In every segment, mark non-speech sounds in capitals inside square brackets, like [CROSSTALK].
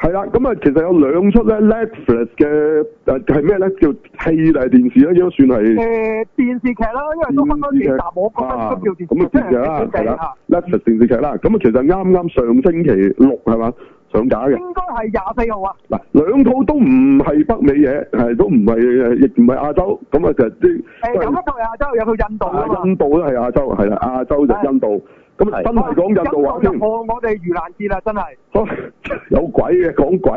係啦、啊、咁、嗯、啊、嗯嗯，其實有兩出咧 Netflix 嘅，誒係咩咧？叫戲大電視咧，應該算係誒電視劇啦，因為都分嗰集。我覺得叫電視劇啦，啦。Netflix 電視劇啦，咁啊、啊、啊、劇劇啊，嗯，其實啱啱上星期六係嘛上架嘅，應該係廿四號啊。嗱，兩套都唔係北美嘢，係都唔係，亦唔係亞洲，咁啊，其實啲、就是欸，有一套亞洲，有套印度印度都係亞洲，係啦、啊，亞洲就印度。嗯真係講印度話添、哦哦，我我哋盂蘭節啦，真係。好、哦、有鬼嘅講鬼，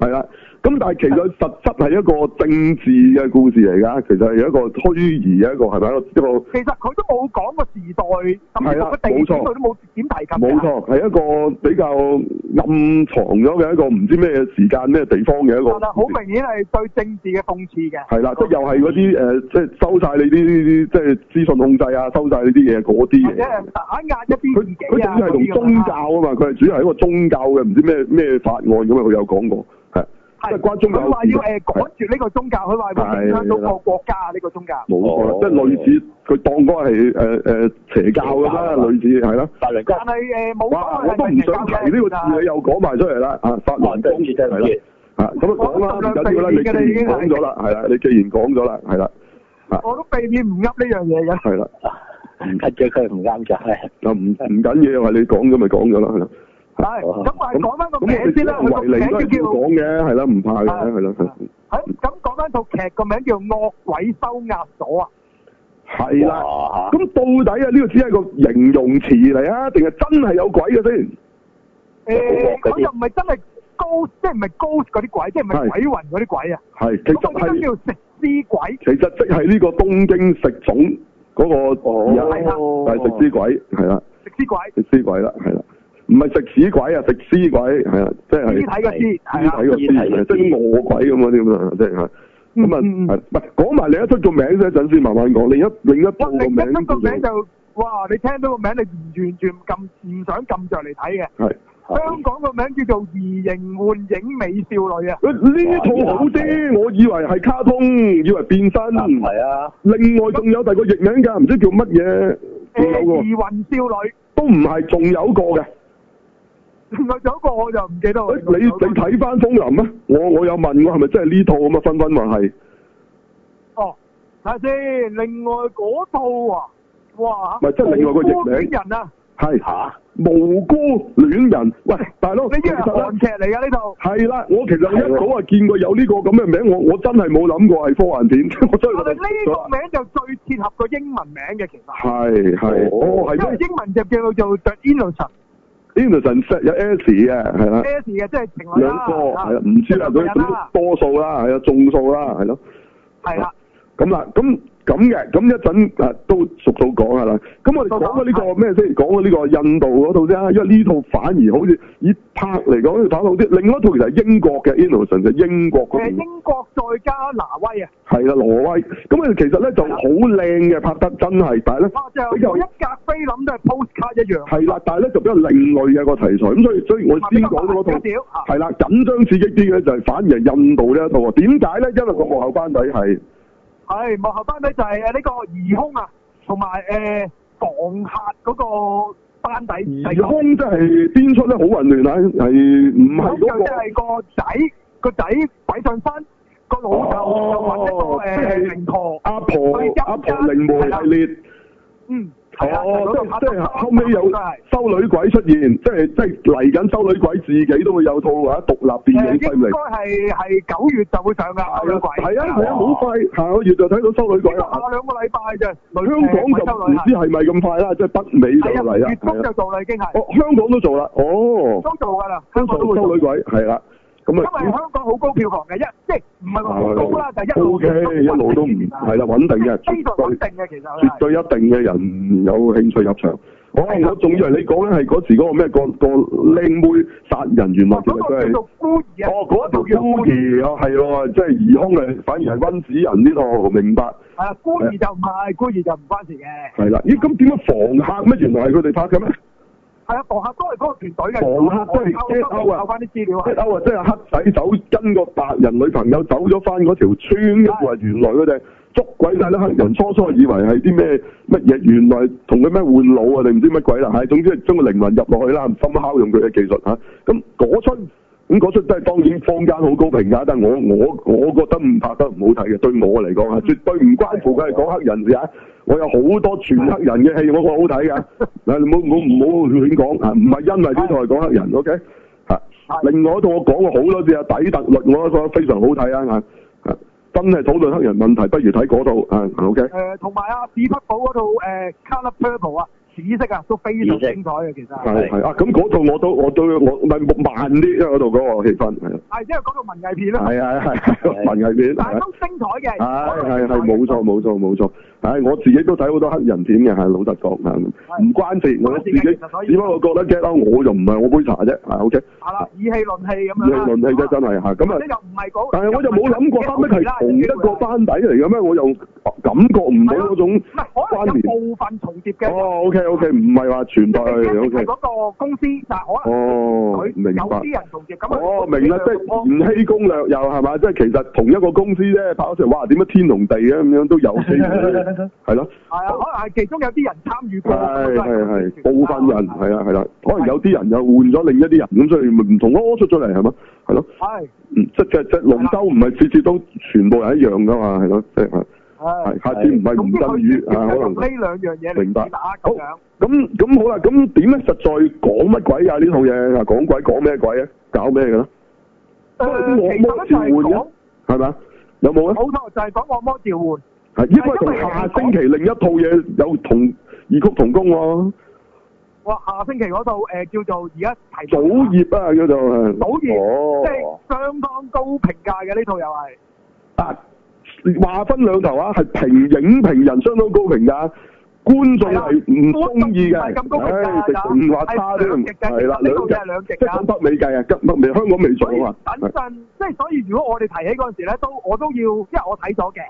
係啦。咁但係其實實質係一個政治嘅故事嚟㗎，其實係一個虛擬嘅一個係咪一個，一個其實佢都冇講個時代，咁佢點點佢都冇點提及。冇錯，係一個比較暗藏咗嘅一個唔知咩時間咩地方嘅一個。好明顯係對政治嘅諷刺嘅。係啦、就是呃，即係又係嗰啲收晒你啲啲即係資訊控制呀、啊，收晒你啲嘢嗰啲嘅。即係打壓一邊、啊。佢佢主要係同宗教啊嘛，佢係主要係一個宗教嘅唔知咩咩法案咁啊，佢有講過。即咁話要誒趕住呢個宗教，佢話影響到個國家呢、這個宗教冇錯、哦，即係類似佢當嗰係誒誒邪教啦，類似係啦。但係誒冇錯係我都唔想提呢、這個你、啊、又講埋出嚟啦。啊，法輪功嘅咁啊講啦，緊要啦，你講咗啦，係啦，你既然講咗啦，係啦。我都避免唔噏呢樣嘢嘅。係啦，啱嘅佢唔啱㗎。又唔唔緊要啊！你講咗咪講咗啦，係、嗯、啦。咁、嗯嗯、我係講翻個劇先啦。佢個名就叫，講嘅係啦，唔怕嘅係啦。咁講翻套劇個名叫惡鬼收押所啊。係啦，咁、嗯、到底啊呢個只係個形容詞嚟啊定係真係有鬼嘅先？誒、欸，佢又唔係真係 Ghost，即係唔係 Ghost 嗰啲鬼，即係唔係鬼魂嗰啲鬼啊？係、那個，其實係食屍鬼。其實即係呢個東京食種嗰個，係、哦、食屍鬼，係啦。食屍鬼，食屍鬼啦，係啦。唔係食屎鬼啊！食屍鬼係啊，即係屍體嘅屍係啊，屍體嘅惡鬼咁嗰啲咁啊，即係咁啊，唔係講埋你一出個、啊啊啊啊、名先一陣先，慢慢講你一另一套個名就是名就是、哇！你聽到個名、就是，你，名你完全撳唔想撳着嚟睇嘅係香港個名叫做《移形換影美少女》啊！呢一套好啲、啊，我以為係卡通，以為係變身係啊。另外仲有第二個譯名㗎，唔知叫乜嘢？呃、有個異魂少女》都唔係，仲有個嘅。我有個我就唔記得、欸欸。你你睇翻《風林、啊》咩？我我有問我係咪真係呢套咁啊？分分話係。哦，睇下先，另外嗰套啊，哇！唔係真係另外一個譯名。係吓《無辜戀人、啊》啊戀人。喂，大佬，呢啲係科幻劇嚟噶呢度。係啦，我其實一早啊見過有呢個咁嘅名字，我我真係冇諗過係科幻片。我真係諗。呢個名就最適合個英文名嘅，其實。係係哦，係。因為英文就叫佢做 The Innocent。Innocent set 有 S 嘅，係啦，S 嘅即係平。兩個係啦，係啊係啊係啊唔啊，唔知啊，佢多數啦，係啊，眾數啦，係咯。係啦，咁啦，咁。咁嘅，咁一陣啊都逐套講係啦。咁、嗯、我哋講嘅呢、呢個咩先？講嘅呢個印度嗰套先因為呢套反而好似以拍嚟講要拍得好啲。另外一套其實係英國嘅 Innocents 就英國嘅。英國再加挪威啊！係啦，挪威。咁其實咧就好靚嘅拍得真係，但係咧、啊，就一格菲林都係 postcard 一樣。係啦，但係咧就比較另類嘅一個題材。咁所以所以，所以我先講嗰套係啦、啊，緊張刺激啲嘅就係、是、反而印度呢一套啊。點解咧？因為個幕後班底係。係幕後班底就係誒呢個兒凶啊，同埋誒房客嗰個班底。兒凶真係邊出咧好混亂啊，係唔係？即係個仔個仔鬼上身，個老豆又揾一個誒靈堂阿婆阿婆靈媒嚟嘅。嗯。哦，即係即係、即係後屘有修女鬼出現，即係即係嚟緊修女鬼自己都會有套啊獨立電影出嚟。應該係九月就會上㗎，修女鬼。係啊係啊，好快下個月就睇到修女鬼啦。下兩個禮拜啫，香港就唔知係咪咁快啦，即係北美就嚟啦。係啊，月中就做啦，已經係、哦。香港都做啦，哦。都做㗎啦，香港都會修女鬼，係啦。因為香港好高票房嘅一，即係唔係話一啦，就是、一路不一路都唔係啦，穩定嘅，絕對一定嘅，其實絕對一定嘅人有興趣入場。我我仲以為你講緊係嗰時嗰個咩《那個靚妹殺人原來其實都係哦嗰條孤兒，哦那個、孤兒啊，係、那、喎、個，即係兒兇嘅，反而係温子仁呢個我明白。係、啊、啦，孤兒就唔係孤兒就唔關事嘅。係啦，咦、啊？咁點樣房客咩？原來係佢哋拍嘅咩？係啊，防客都係嗰個團隊嘅。防客即係歐啊，教翻啲資料啊。即係黑仔走，跟個白人女朋友走咗返嗰條村嘅，原來佢哋捉鬼曬啲黑人，初初以為係啲咩乜嘢，原來同佢咩換腦啊定唔知乜鬼啦。係，總之將個靈魂入落去啦，唔麼效用佢嘅技術嚇？咁嗰出。那個咁嗰出真係當然坊間好高評價，但係我我我覺得唔拍得唔好睇嘅，對我嚟講絕對唔關乎佢係講黑人㗎。我有好多全黑人嘅戲我，我覺得好睇㗎。嗱，唔好亂講，唔係因為呢套係講黑人，OK？啊， [LAUGHS] 另外一套我講過好多次啊，底特律我覺得非常好睇啊，真係討論黑人問題，不如睇嗰套 OK 誒，同埋啊史畢堡嗰套《Colourful》啊。 [LAUGHS] 紫色啊，都非常精彩嘅，其實係係啊，咁嗰度我都我都我咪慢啲，因為嗰度嗰個氣氛係，係因為嗰個文藝片啦，係係係文藝片，但係都精彩嘅，係係係冇錯冇錯冇錯。係， [NOISE] [NOISE] 我自己都睇好多黑人片嘅，係老實講，唔關事，我自己，只不過我覺得 get、嗯、我就唔係我杯茶啫，係、嗯、OK。係啦，以氣論氣咁樣。論氣啫，真係嚇，咁、嗯、啊、嗯，但係我就冇諗過，點係同一個班底嚟嘅咩？我又感覺唔到嗰種關。啊、我有部分重疊嘅。哦，OK，OK，okay, okay, 唔係話全部。即係嗰個公司哦，明白。佢啲人重咁啊。明啦、那個，即係歐洲攻略又係嘛？即係其實同一個公司啫，拍出嚟哇，點解天同地嘅？咁樣都有。係咯，係啊，可能係其中有啲人參與過的，係係係部分人，係係啦，可能有啲人又換咗另一啲人，咁所以唔同屙出出嚟，係嘛，係咯，係，即即龍舟唔係次次都全部都一樣噶嘛，係咯，即係下次唔係紅金魚可能呢兩樣嘢明白？咁咁好啦，咁點咧？實在講乜鬼啊？呢套嘢講鬼講咩鬼啊？搞咩噶啦？誒、呃，惡魔係有冇好冇就係講惡魔召喚因為下星期另一套嘢有同異曲同工喎、啊。哇，下星期嗰套誒、呃、叫做而家提早業啊，叫做、嗯、早業、哦，即係相當高評價嘅呢套又係。啊，話分兩頭啊，係評影評人相當高評價，觀眾係唔中意嘅，咁高唔話、哎、差添，係啦，兩極啊，即係北美計啊，今未香港未做啊嘛。等陣，即係所以，所以如果我哋提起嗰陣時咧，都我都要，因為我睇咗嘅。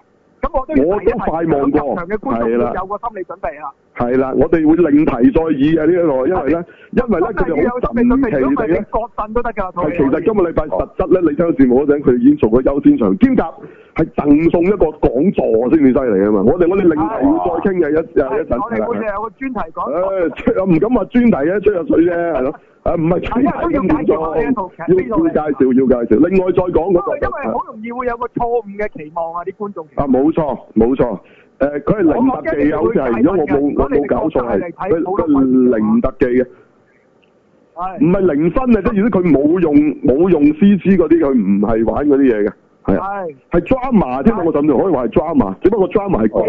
我都快望過，係啦，有個心理準備啦。係啦，我哋會另提再議啊！呢一個，因為咧，因為咧，佢哋好神奇嘅。各陣都得㗎，其實今日禮拜、哦、實質咧，你聽到節目嗰陣，佢已經做咗優先場兼夾，係贈送一個講座先至犀利啊嘛！我哋我哋另提要再傾嘅一一陣、啊、我哋有個專題講。誒、欸，唔敢話專題呢， [LAUGHS] 吹下水啫，係咯。 [LAUGHS] 啊，唔係全都要介紹，要介紹，要介紹、啊。另外再講嗰度，因為好容易會有個錯誤嘅期望啊！啲觀眾啊，冇、啊、錯，冇、啊、錯。誒，佢、啊、係、啊、零特技啊，好似係，咁我即係佢睇嘅我哋都係嚟睇。係零特技嘅，唔、哎、係零分啊！即係如果佢冇用冇用 C G 嗰啲，佢唔係玩嗰啲嘢嘅，係啊，係。係 drama 呢，我甚至可以話係 drama，只不過 drama 係講，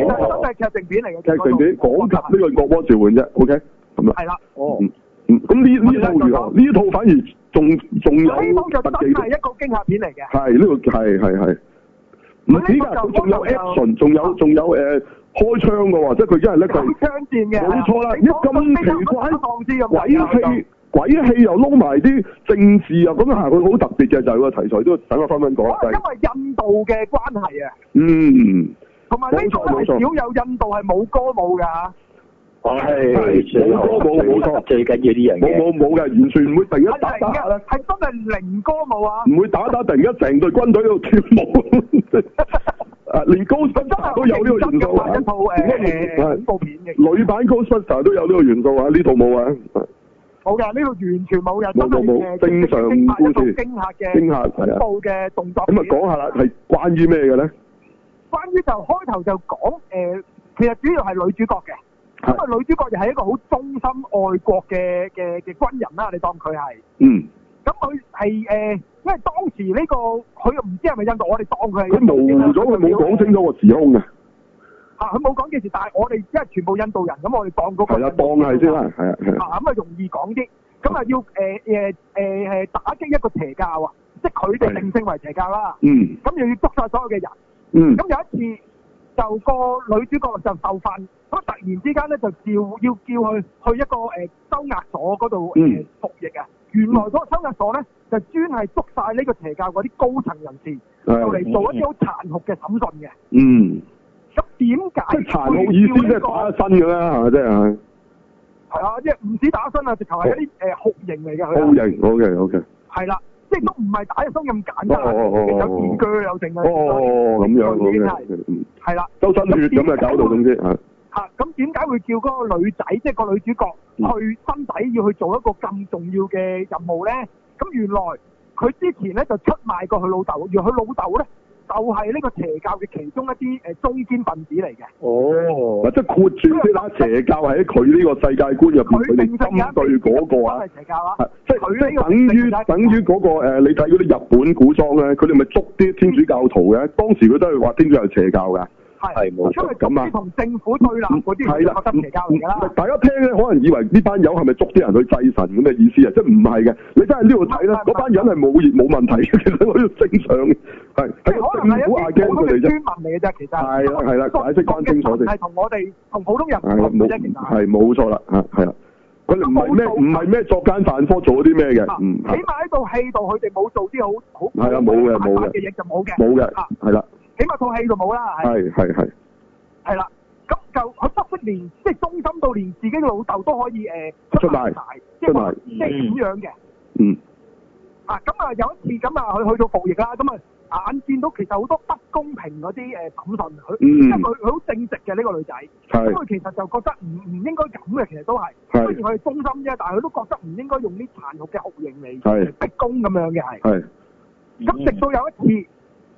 即係劇情片嚟嘅，劇情片講及呢個各方轉換啫。O K，係啦，哦。咁呢呢套如何？呢套反而仲仲有特技。就當係一個驚嚇片嚟嘅。係呢、呢個係係係。唔止啊，仲有 action，仲有仲有誒開槍嘅喎，即係佢真係咧佢。槍戰嘅。冇錯啦，一咁奇鬼氣鬼氣又撈埋啲政治啊，咁啊，佢好特別嘅就係個題材，都等我分分講。因為印度嘅關係啊。嗯。同埋呢場都少有印度係冇歌舞㗎。係零哥，冇冇錯，最緊要啲人冇冇冇嘅，完全唔會突然間打打係真嘅，係零歌舞啊！唔會打打，突然間成隊軍隊喺度跳舞，啊、 [LAUGHS] 連高都有呢個元素啊！而家恐怖片嘅，啊、女版高 s 都有呢個元素啊！呢套冇啊，好嘅，呢度完全冇人，冇冇冇正常驚嚇驚嚇嘅一部嘅動作咁啊！講下啦，係關於咩嘅咧？關於就開頭就講誒、呃，其實主要係女主角嘅。咁啊，女主角就係一個好忠心愛國嘅嘅嘅軍人啦，你當佢係，嗯，咁佢係誒，因為當時呢、這個佢又唔知係咪印度，我哋當佢係，佢糊咗，佢冇講清楚個時空嘅，吓，佢冇講幾時，但係我哋即係全部印度人，咁我哋當個係啦，當係先啦，係啊，係啊，咁啊容易講啲，咁啊要誒誒誒誒打擊一個邪教，啊，即係佢哋定性為邪教啦，嗯，咁又要捉晒所有嘅人，嗯，咁有一次。就個女主角就受訓，咁突然之間咧就叫要叫佢去去一個誒收押所嗰度誒服役啊！原來嗰個收押所咧、嗯、就專係捉晒呢個邪教嗰啲高層人士，就、哎、嚟做一啲好殘酷嘅審訊嘅。嗯，咁點解？即係殘酷意思即係打新咁啦，係咪先啊？係啊，即係唔止打新啊，直頭係一啲誒酷刑嚟嘅。酷刑，好、okay, 嘅、okay. 啊，好嘅。係啦。即係都唔係打一槍咁簡單，又有電鋸又剩啊！哦哦哦，咁樣嘅，係啦，周身血咁嘅搞到總之嚇。嚇，咁點解會叫嗰個女仔，即係個女主角去身底要去做一個咁重要嘅任務咧？咁原來佢之前咧就出賣過佢老豆，而佢老豆咧。就係、是、呢個邪教嘅其中一啲誒、呃、中堅分子嚟嘅。哦，嗱，即係括住，即係邪教喺佢呢個世界觀入邊，佢哋、啊、針對嗰、那個，啊，那個、邪教啊，啊，個啊，即係佢，即係等於等於嗰、那個、啊、你睇嗰啲日本古裝咧，佢哋咪捉啲天主教徒嘅、嗯，當時佢都係話天主係邪教㗎。.係冇錯，出去咁啊！同政府對立嗰啲，係、嗯、啦，急其交流嘅大家聽咧，可能以為呢班友係咪捉啲人，是是人去祭神咁嘅意思啊？即係唔係嘅，你真係呢度睇咧，嗰班友係冇熱冇問題嘅，其實我要正常嘅，係喺個政府下驚佢哋啫。我哋村民嚟嘅啫，其實係啦係啦，解釋清楚先。係同我哋同普通人冇係冇錯啦嚇，係、啊、啦，佢唔係咩唔係咩作奸犯科做咗啲咩嘅？嗯、啊啊，起碼喺度氣度，佢哋冇做啲好好係啊冇嘅冇嘅冇嘅，係啦。起碼套戲都冇啦，係係係係啦，咁就佢不惜連即係忠心到連自己老豆都可以誒出賣，即係即係點樣嘅，嗯，啊咁啊有一次咁啊佢去到服役啦，咁啊眼見到其實好多不公平嗰啲誒審判佢，因為佢佢好正直嘅呢個女仔，咁佢其實就覺得唔唔應該咁嘅，其實都係，雖然佢係忠心啫，但係佢都覺得唔應該用啲殘酷嘅酷刑嚟逼供咁樣嘅係，咁直到有一次。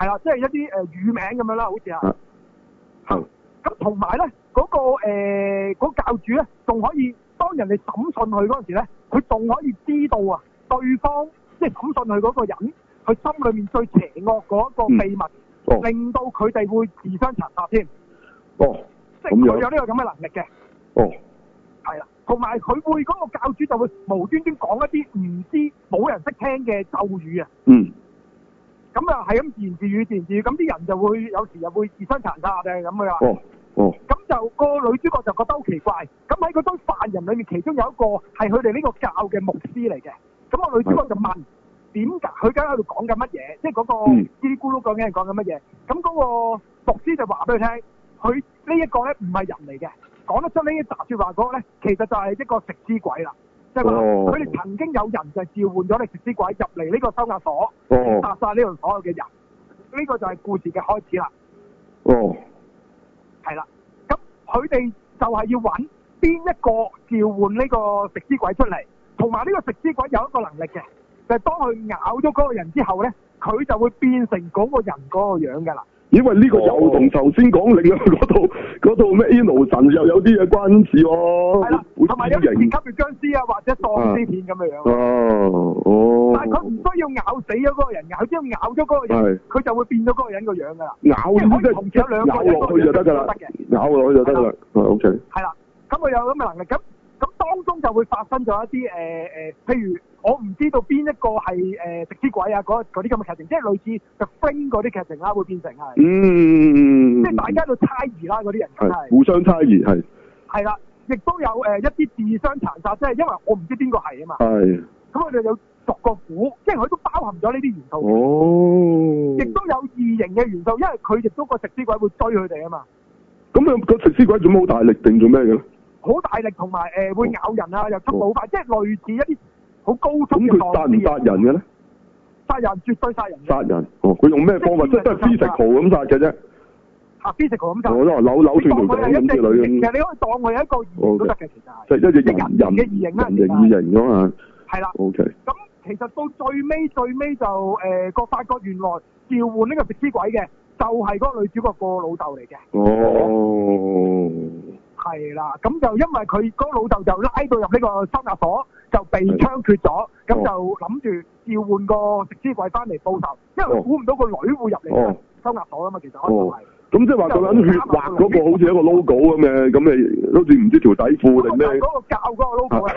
係啦，即係一啲誒語名咁樣啦，好似係。咁同埋咧，嗰個誒嗰教主咧，仲可以當人哋審訊佢嗰陣時咧，佢仲可以知道啊，對方即係審訊佢嗰個人，佢心裏面最邪惡嗰個秘密，令到佢哋會自相殘殺添。哦，即係佢有呢個咁嘅能力嘅。哦，係啦，同埋佢會嗰個教主就會無端端講一啲唔知冇人識聽嘅咒語啊。嗯。咁啊，係咁自言自語，自言自語，咁啲人就會有時又會自相殘殺嘅咁啊。哦，哦。咁就個女主角就覺得好奇怪。咁喺嗰堆犯人裏面，其中有一個係佢哋呢個教嘅牧師嚟嘅。咁個女主角就問：點解佢而家喺度講緊乜嘢？即係嗰個嘰哩咕嚕究竟講緊乜嘢？咁嗰個牧師就話俾佢聽：佢呢一個咧，唔係人嚟嘅，講得出呢啲雜説話嗰個咧，其實就係一個食屍鬼啦。即係佢，佢哋曾經有人就召喚咗隻食屍鬼入嚟呢個收押所，殺晒呢度所有嘅人。呢、這個就係故事嘅開始啦。哦、嗯，係啦，咁佢哋就係要搵邊一個召喚呢個食屍鬼出嚟，同埋呢個食屍鬼有一個能力嘅，就係、是、當佢咬咗嗰個人之後咧，佢就會變成嗰個人嗰個樣㗎啦。因為呢個又同頭先講另外嗰套嗰套咩《oh. [LAUGHS] n o 神》又有啲嘅關事喎、啊。係啦、啊，同埋有啲變級嘅僵屍」啊，或者喪屍片咁嘅樣、啊。哦，哦。但係佢唔需要咬死咗嗰個人，咬只要咬咗嗰個人，佢就會變咗嗰個人個樣噶啦。咬呢個,人個人，咬落去就得噶啦。得嘅、啊，咬落去就得噶啦。o、okay. K、啊。係啦，咁佢有咁嘅能力，咁咁當中就會發生咗一啲誒、呃呃、譬如。我唔知道邊一個係食屍鬼啊，嗰啲咁嘅劇情，即係類似 The Fringe 嗰啲劇情啦、啊，會變成係、嗯，即係大家都猜疑啦，嗰啲人係互相猜疑，係係啦，亦都有、呃、一啲自相殘殺，即係因為我唔知邊個係啊嘛，咁佢哋就逐個估，即係佢都包含咗呢啲元素，哦，亦都有異形嘅元素，因為佢亦都個食屍鬼會追佢哋啊嘛，咁佢個食屍鬼做咩好大力定做咩嘅咧？好大力同埋、呃、會咬人啊，又捉到快，哦、即係類似一啲。好高宗咁佢殺唔殺人嘅咧？殺人絕對殺人,人。殺人哦，佢用咩方法？即係 physical 咁殺嘅啫。吓、啊、，physical 咁殺。我都話扭扭算斷咁之其實你可以當佢係一個異形都得嘅，其實係。就一隻人形嘅異形，人形嘅異形咁啊。係啦。O K。咁其實到最尾最尾就誒，個發覺原來召喚呢個食屍鬼嘅就係嗰個女主角個老豆嚟嘅。哦、oh.。係啦，咁就因為佢嗰個老豆就拉到入呢個收押所。就被槍決咗，咁就諗住召喚個食屍鬼翻嚟報仇，哦、因為佢估唔到個女會入嚟收押所㗎嘛，其實我係。咁即係話佢血畫嗰個好似一個 logo 咁嘅，咁咪好似唔知底、嗰個啊啊啊、 [LAUGHS] [LAUGHS] 條底褲定咩？嗰個教嗰個 logo，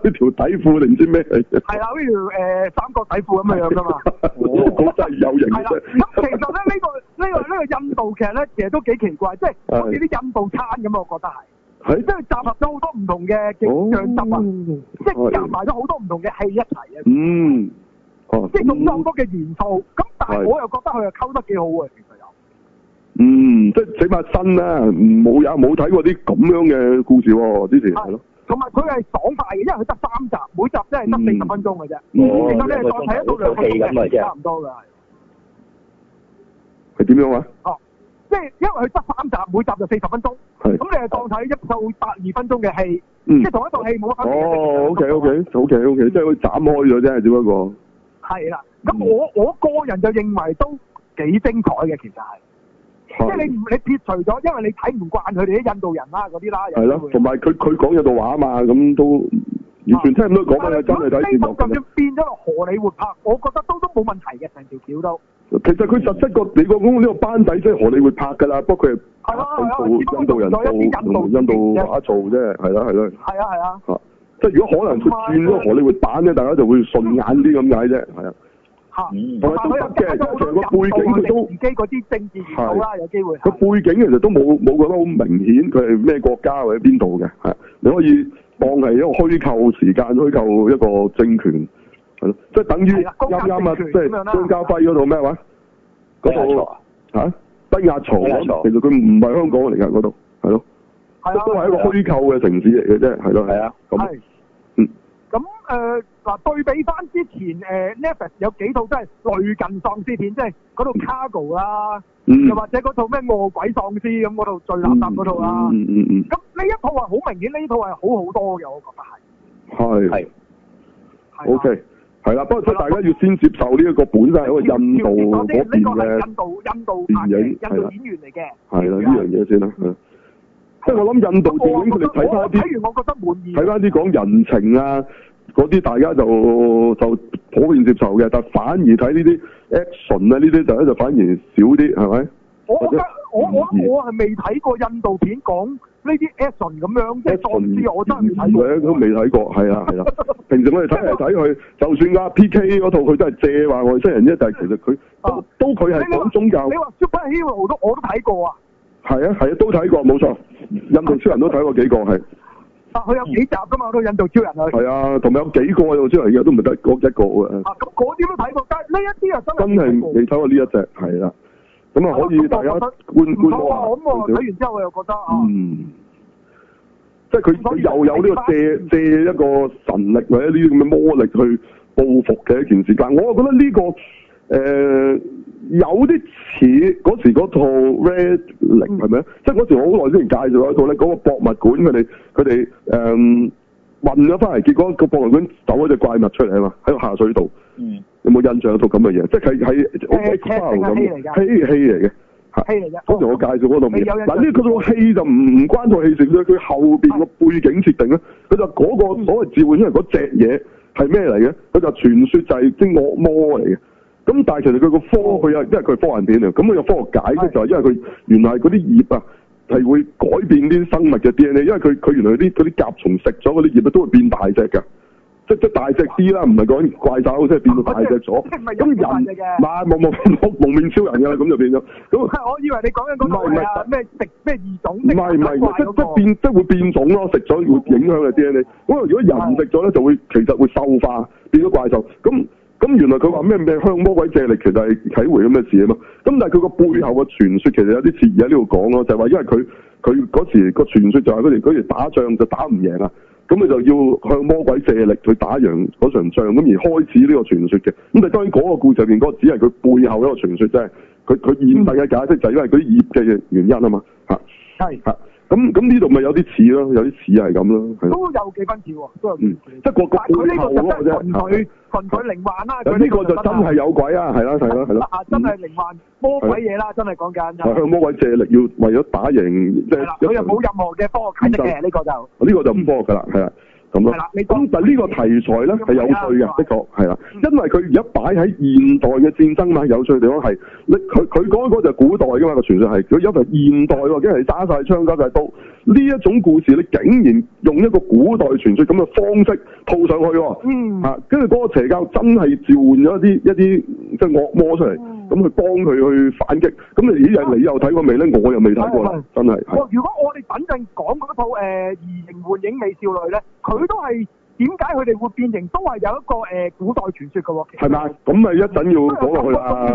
條底褲定唔知咩？係啦，呢條誒三角底褲咁樣㗎嘛。咁、哦、 [LAUGHS] 真係有型。係啦，咁其實咧呢、呢個呢、呢個呢、呢個印度劇咧，其實都幾奇怪，即係好似啲印度餐咁我覺得係。即係集合咗好多唔同嘅景象集啊，即係夾埋咗好多唔同嘅戲一齊啊，嗯，哦，即係咁多嘅元素，咁但係我又覺得佢又溝得幾好啊，其實又，嗯，即係起碼新啦，冇，有冇睇過啲咁樣嘅故事喎，之前，係咯，同埋佢係爽快嘅，因為佢得三集，每集真係得四十分鐘嘅啫，你係，再睇得到兩分鐘嘅，差唔多噶係，係點樣啊？哦。即係因為佢得三集，每集就四十分鐘，咁你係當睇一套百二分鐘嘅戲，即係同一套戲冇。哦，O K O K，O K O K，即係佢斬開咗啫，點樣講？係啦，咁我、嗯、我個人就認為都幾精彩嘅，其實係，即係你你撇除咗，因為你睇唔慣佢哋啲印度人啦，嗰啲啦，係咯，同埋佢佢講印度話啊嘛，咁都完全聽唔到，講緊係真係睇唔落去。咁、嗯、變咗個荷里活拍，我覺得都都冇問題嘅，成條橋都。其實佢實質個美國公呢個班底即係荷里活拍噶啦，不過佢係印度、印度人做、印度話做啫，係啦係啦。係啊係啊。即係如果可能佢轉咗荷里活版咧，大家就會順眼啲咁解啫，係啊。嚇。同埋都得嘅，因個背景佢都自己嗰啲政治。係。有機會。個背景其實都冇冇覺得好明顯，佢係咩國家或者邊度嘅？係你可以當係一個虛構時間、虛構一個政權。係咯，即係等於啱啱啊，即係張家輝嗰套咩話？嗰套吓低壓槽度？其實佢唔係香港嚟噶嗰度，係、嗯、咯，都係一個虛構嘅城市嚟嘅啫，係咯。係啊，咁嗯。咁誒嗱，對比翻之前誒、呃、Netflix 有幾套即係類近喪屍片，嗯、即係嗰套 Cargo 啦、嗯，又或者嗰套咩惡鬼喪屍咁嗰套最垃圾嗰套啊，咁、嗯、呢一套係、嗯、好明顯呢套係好好多嘅，我覺得係係係，OK。係啦，不過即係大家要先接受呢一個本身，係一個印度嗰邊嘅印度電影、印度演員嚟嘅。係啦，呢樣嘢先啦，即係我諗印度電影佢哋睇返啲，睇翻啲講人情啊嗰啲，大家就就普遍接受嘅。但反而睇呢啲 action 啊呢啲，就咧就反而少啲，係咪？我我覺得我我我係未睇過印度片講呢啲 action 咁樣即係我真係未睇過，都未睇過，係啊係啊， [LAUGHS] 平時我哋睇嚟睇去，就算阿 P K 嗰套佢都係借話外星人啫，但係其實佢、啊、都都佢係講宗教。你話超級英雄都我都睇過啊，係啊係啊都睇過冇錯，印度超人都睇過幾個係。啊，佢有幾集㗎嘛？我都印度超人去啊。係啊，同埋有幾個印度超人嘅都唔得嗰一個嘅。咁嗰啲都睇過，但係呢一啲啊真係。真係你睇過呢一隻係啦。咁啊，可以大家觀觀啊！我睇完之後，我又覺得啊、嗯嗯，即係佢又有呢個借借一個神力或者呢啲咁嘅魔力去報復嘅一件事。但我又覺得呢、呢個誒、呃、有啲似嗰時嗰套 Red Link，係咪啊？即係嗰時我好耐之前介紹一套咧，嗰、嗰個博物館佢哋佢哋誒運咗翻嚟，結果個博物館走咗隻怪物出嚟啊嘛，喺個下水道。嗯有冇印象到讀咁嘅嘢？即係係 O X O 咁嘅戲嚟嘅，戲嚟嘅。嗰我，我，我介紹嗰度嗱呢個套戲就唔唔關套戲成嘅，佢、啊、後邊個背景設定咧，佢、啊、就嗰個所謂召喚出嚟嗰隻嘢係咩嚟嘅？佢就傳說就係啲惡魔嚟嘅。咁但係其實佢個科佢啊、哦，因為佢科幻片啊，咁佢有科學解嘅就係因為佢原來嗰啲葉啊係會改變啲生物嘅 D N A，因為佢佢原來啲啲甲蟲食咗嗰啲葉都會變大隻㗎。即、就、即、是、大隻啲啦，唔係講怪獸，好、就、似、是、變到大隻咗。唔、啊、咁人嚟嘅。唔冇冇冇幪面超人㗎啦，咁就變咗。咁 [LAUGHS] 我以為你講緊嗰啲咩食咩異種。唔係唔即都變即、就是、會變種咯，食咗會影響嘅 DNA。咁如果人食咗咧，就會,就會其實會獸化，變咗怪獸。咁咁原來佢話咩咩向魔鬼借力，其實係體會咁嘅事啊嘛。咁但係佢個背後嘅傳説其實有啲設而喺呢度講咯，就係、是、話因為佢佢嗰時,那時那個傳說就係佢哋佢哋打仗就打唔贏啊。咁你就要向魔鬼借力去打贏嗰場仗，咁而開始呢個傳說嘅。咁但當然嗰個故事上邊嗰個只係佢背後一個傳說，即係佢佢現代嘅解釋就係因為嗰啲業嘅原因啊嘛，吓、嗯，係吓。咁咁呢度咪有啲似咯，有啲似係咁咯，都有幾分似喎，都有。嗯，即係個個佢呢個就真係純粹純粹靈幻啦。有呢個就真係有鬼啊，係、啊、啦，係啦，係咯。真係靈幻魔鬼嘢啦，真係講緊就向魔鬼借力，要為咗打贏，即係、就是、有又冇任何嘅科學解釋嘅呢個就呢、嗯呢個就唔科學噶啦，係啦。咁咯，咁但係呢個題材咧係有趣嘅，的確係啦，因為佢而家擺喺現代嘅戰爭嘛，有趣地方係，你佢佢嗰個就古代嘅嘛，個傳說係，佢果一嚟現代喎，竟然揸曬槍加曬刀，呢一種故事，你竟然用一個古代傳說咁嘅方式套上去，嗯，啊，跟住嗰個邪教真係召喚咗一啲一啲即係惡魔出嚟，咁去幫佢去反擊，咁你咦有你又睇過未咧？我又未睇過啦、嗯，真係、嗯嗯。如果我哋等陣講嗰套誒《移形換影美少女》咧，佢都係。點解佢哋會變成都係有一個誒古代傳說嘅喎？係咪？咁咪一陣要講落去啦。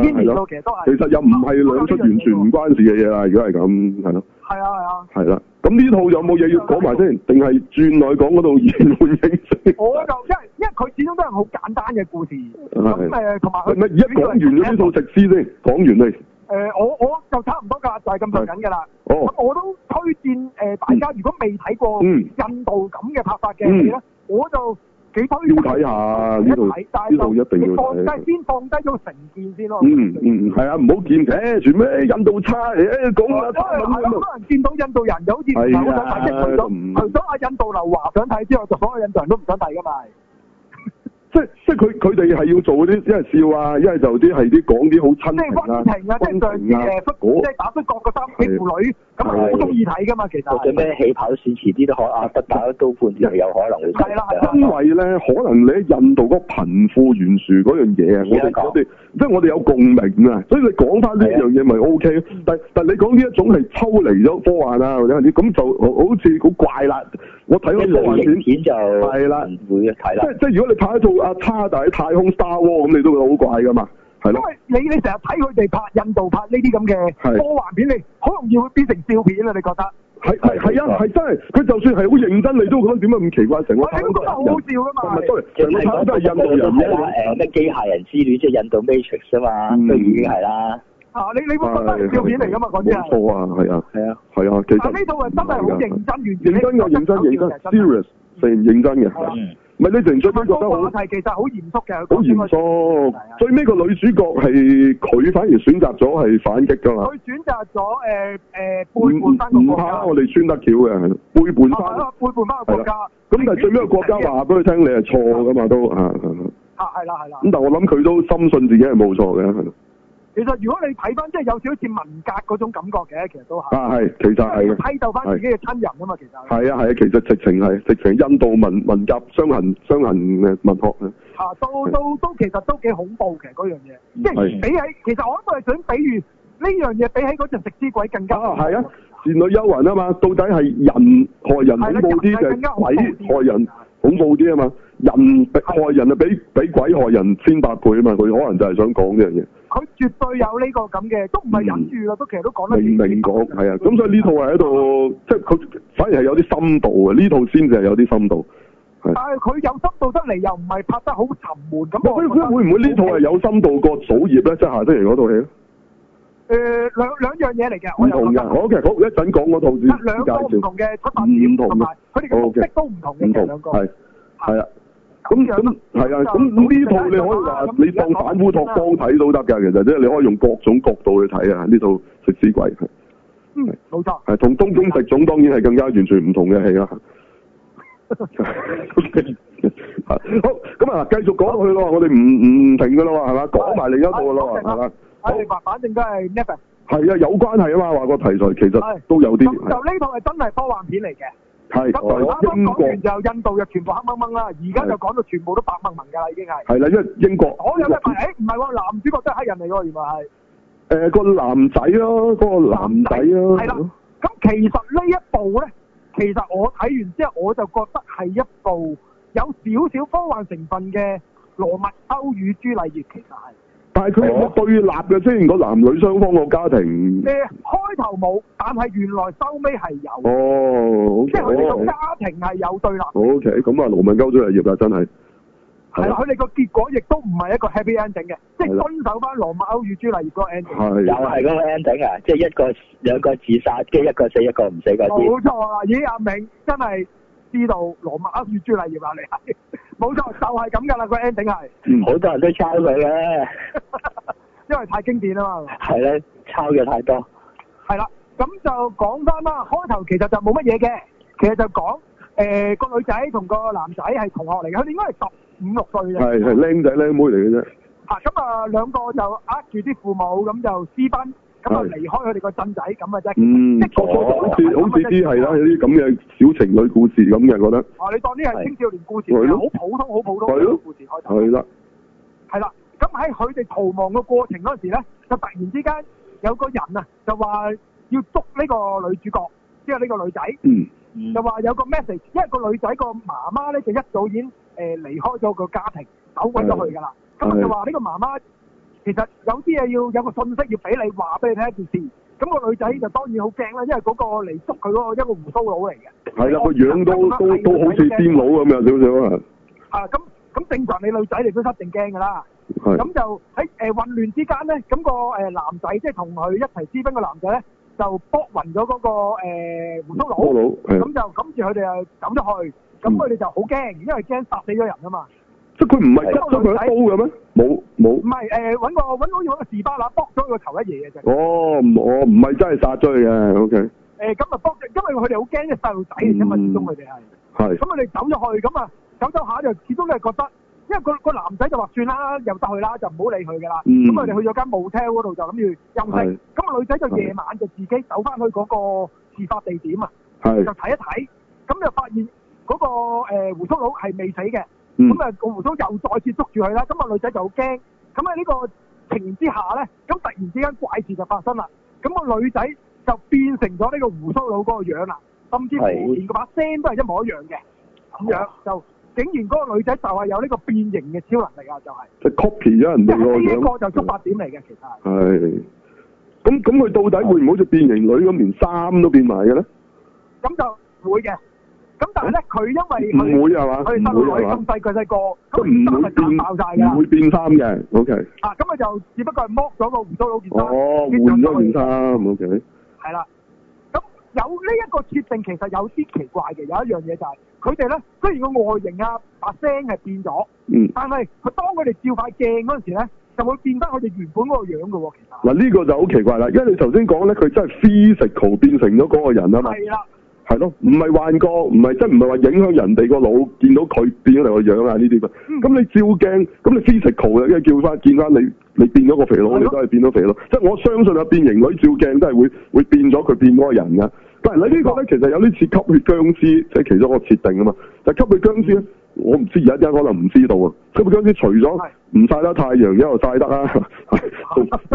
其實又唔係兩出完全唔關事嘅嘢啦。如果係咁，係咯。係啊，係啊。係啦。咁呢套有冇嘢要講埋先？定係轉來講嗰套玄幻我就因為因為佢始終都係好簡單嘅故事咁誒，同埋佢。唔係一講完咗呢套《食屍》先，講完你。誒、呃，我我就差唔多㗎，就係咁就緊㗎啦。哦。咁我都推薦誒大家，如果未睇過印度咁嘅拍法嘅我就幾多要睇下呢睇呢度一定要放低先放低咗成件先咯。嗯嗯，係啊，唔好見嘅，全咩印度差，講我都係好多人見到印度人就好似唔想睇，即係除咗阿印度劉華想睇之外，就所有印度人都唔想睇噶嘛。即即佢佢哋係要做嗰啲，一係笑啊，一係就啲係啲講啲好親，即溫情啊，即對、就係啊、打不國嘅得，啲女咁好都中意睇㗎嘛，其實。或咩起跑線，遲啲都可以啊，不打半啲又有可能會。係啦，因為咧，可能你印度個貧富懸殊嗰樣嘢啊，我哋搞啲，即我哋有共鳴啊，所以你講翻呢樣嘢咪 OK？但但你講呢一種係抽離咗科幻啊，或者啲咁就好好似好怪啦。我睇到科幻片就係啦，唔會嘅睇啦。即即如果你拍一套阿叉喺太空 Star 喎，咁你都會好怪噶嘛，係咯。因為你你成日睇佢哋拍印度拍呢啲咁嘅科幻片，你好容易會變成笑片啊你麼麼、就是！你覺得？係係係啊，係真係佢就算係好認真你都覺得點解咁奇怪成？我哋應該好笑噶嘛。全部都係印度人。係、就、啦、是，誒、嗯、咩機械人之戀即係印度 Matrix 啊嘛，都已經係啦。嗯啊、你你會覺得照片嚟噶嘛？嗰啲冇錯啊，係啊，係啊，係啊。其實呢套係真係好認真、認真嘅，認真、認真、serious，係認真嘅。唔係、啊、你最最屘覺得好係，其實好嚴肅嘅，好嚴肅。最尾個女主角係佢反而選擇咗係反擊噶嘛？佢選擇咗誒誒背叛國家。唔、嗯、怕我哋穿得巧嘅背叛翻，背叛翻國家。咁但最尾個國家話俾佢聽，你係錯噶嘛都係，係啦係啦。咁但係我諗佢都深信自己係冇錯嘅。其實如果你睇翻，即係有少少似文革嗰種感覺嘅，其實都係啊，係其實係批鬥翻自己嘅親人啊嘛，其實係啊係啊，其實，其實直情係直情印度文文革傷痕傷痕嘅文學啊，啊，都都都其實都幾恐怖的，嘅嗰樣嘢即係比起其實我都係想比喻呢樣嘢比起嗰隻食屍鬼更加的啊係啊，倩女幽魂啊嘛、啊，到底係人害人恐怖啲定鬼害人、啊、恐怖啲啊嘛的？人害人啊，比比鬼害人千百倍啊嘛？佢可能就係想講呢樣嘢。佢絕對有呢個咁嘅，都唔係忍住啦，都、嗯、其實都講得明。明講明係啊，咁所以呢套係喺度，即係佢反而係有啲深度嘅，呢套先至係有啲深度。深度但係佢有深度得嚟，又唔係拍得好沉悶咁佢會唔會呢套係有深度過《祖業》咧、嗯？即係下得嚟嗰套戲咧、呃？兩樣嘢嚟嘅。唔同人我嘅，好，一、okay, 陣講嗰套先介紹兩個唔同嘅，唔同埋佢哋嘅角色都唔同嘅啊。咁咁係啊，咁呢套你可以話你當反烏托邦睇都得嘅，其實即係你可以用各種角度去睇啊。呢套食屍鬼係，嗯，冇錯，係同東京食種當然係更加完全唔同嘅戲啦。好，咁啊，繼續講落去咯，我哋唔唔停噶啦嘛，係嘛，講埋另一套噶啦，係嘛，反正都係 never，係啊、嗯，有關係啊嘛，話個題材其實、啊、都有啲。咁就呢套係真係科幻片嚟嘅。係咁，啱啱講完就印度又全部黑掹掹啦，而家就講到全部都白掹掹㗎啦，已經係。係啦，因為英國。所有咩？誒，唔係喎，男主角都係黑人嚟喎，原來係。誒、呃，那個男仔咯、啊，嗰、那個男仔咯、啊。係啦，咁其實一呢一部咧，其實我睇完之後，我就覺得係一部有少少科幻成分嘅《羅密歐與朱麗葉》，其實係。但係佢有對立嘅，雖然個男女雙方個家庭誒開頭冇，但係原來收尾係有。哦，即係呢個家庭係有對立。OK，咁啊，羅密歐與茱麗葉啦，真係係啦。佢哋個結果亦都唔係一個 happy ending 嘅，即係遵守翻羅密歐與茱麗葉嗰個 ending，啊。係又係嗰個 ending 啊！即係一個兩個自殺，即係一個死，一個唔死嗰啲冇錯啊！咦，阿銘真係知道羅密歐與茱麗葉啊，你係。冇錯，就係咁噶啦，個 ending 係。嗯，好多人都抄佢嘅，因為太經典啦嘛。係咧，抄嘅太多。係啦，咁就講翻啦。開頭其實就冇乜嘢嘅，其實就講誒個女仔同個男仔係同學嚟嘅，佢哋應該係十五六歲嘅。係係，僆仔僆妹嚟嘅啫。吓，咁啊，兩個就呃住啲父母咁就私奔。咁啊，離開佢哋、嗯、個鎮仔咁啊啫，即係好似好似啲係啦，有啲咁嘅小情侶故事咁嘅覺得。哦，你當呢係青少年故事，好普通，好普通嘅故事開頭。係啦，係啦，咁喺佢哋逃亡嘅過程嗰時咧，就突然之間有個人啊，就話要捉呢個女主角，即係呢個女仔，嗯、就話有個 message，因為個女仔個媽媽咧就一早已經誒離開咗個家庭，走鬼咗佢㗎啦。咁啊，就話呢個媽媽。其實有啲嘢要有個信息要俾你，話俾你聽一件事，咁個女仔就當然好驚啦，因為嗰個嚟捉佢嗰個，一個鬍鬚佬嚟嘅。係啦，個樣都都都好似癲佬咁樣，少少啊。啊，咁咁正常，你女仔你都一定驚噶啦。係。咁就喺誒混亂之間咧，咁個誒男仔即係同佢一齊私奔嘅男仔咧，就搏暈咗嗰個誒鬍鬚佬。鬍鬚佬。係。咁就跟住佢哋就走咗去，咁佢哋就好驚，因為驚殺死咗人啊嘛。即係佢唔係執咗佢一刀嘅咩？冇冇？唔係誒，搵個搵到要個士巴拿撲咗佢個頭一嘢嘅啫。哦，我唔係真係殺咗佢嘅，OK。誒，咁啊撲，因為佢哋好驚啲細路仔啊嘛，始終佢哋係。係。咁啊，佢哋走咗去，咁啊走走下就始終都係覺得，因為個個男仔就話，算啦，由得佢啦，就唔好理佢噶啦。咁佢哋去咗間舞廳嗰度就諗住休息。咁啊，女仔就夜晚就自己走翻去嗰個事發地點啊，就睇一睇。咁就發現嗰個誒鬍鬚佬係未死嘅。咁啊，個胡鬚又再次捉住佢啦，咁啊女仔就好驚。咁喺呢個情形之下咧，咁突然之間怪事就發生啦。咁個女仔就變成咗呢個鬍鬚佬嗰個樣啦，甚至乎連個把聲都係一模一樣嘅。咁樣就，竟然嗰個女仔就係有呢個變形嘅超能力啊！就係。就 copy 咗人哋個樣。呢一個就觸發點嚟嘅，其實。係。咁咁，佢到底會唔會好似變形女咁，連衫都變埋嘅咧？咁就會嘅。咁但係咧，佢、哦、因為佢生佢咁細佢細個，佢唔會，會，小小小會變炸爆曬嘅，唔會變衫嘅。O、okay. K 啊，咁啊就只不過係剝咗個胡鬚佬件哦，換咗件衫。O K 係啦，咁有呢一個設定其實有啲奇怪嘅。有一樣嘢就係佢哋咧，雖然個外形啊、把聲係變咗、嗯，但係佢當佢哋照塊鏡嗰陣時咧，就會變翻佢哋原本嗰個樣嘅喎、啊。其實嗱呢、呢個就好奇怪啦，因為你頭先講咧，佢真係 physical 變成咗嗰個人啊嘛。係啦。係咯，唔係幻覺，唔係即係，唔係話影響人哋個腦，見到佢變咗嚟個樣啊！呢啲咁，咁、嗯、你照鏡，咁你 physical 嘅，因為叫翻見翻你，你變咗個肥佬，你都係變咗肥佬。即、嗯、係、就是、我相信有變形女照鏡都係會會變咗佢變嗰個人噶。但係你個呢個咧，其實有啲似吸血殭屍即係其中一個設定啊嘛。就是、吸血僵屍。咧。我唔知而家可能唔知道啊！咁佢嗰啲除咗唔曬得太陽，一又曬得啦，乜 [LAUGHS]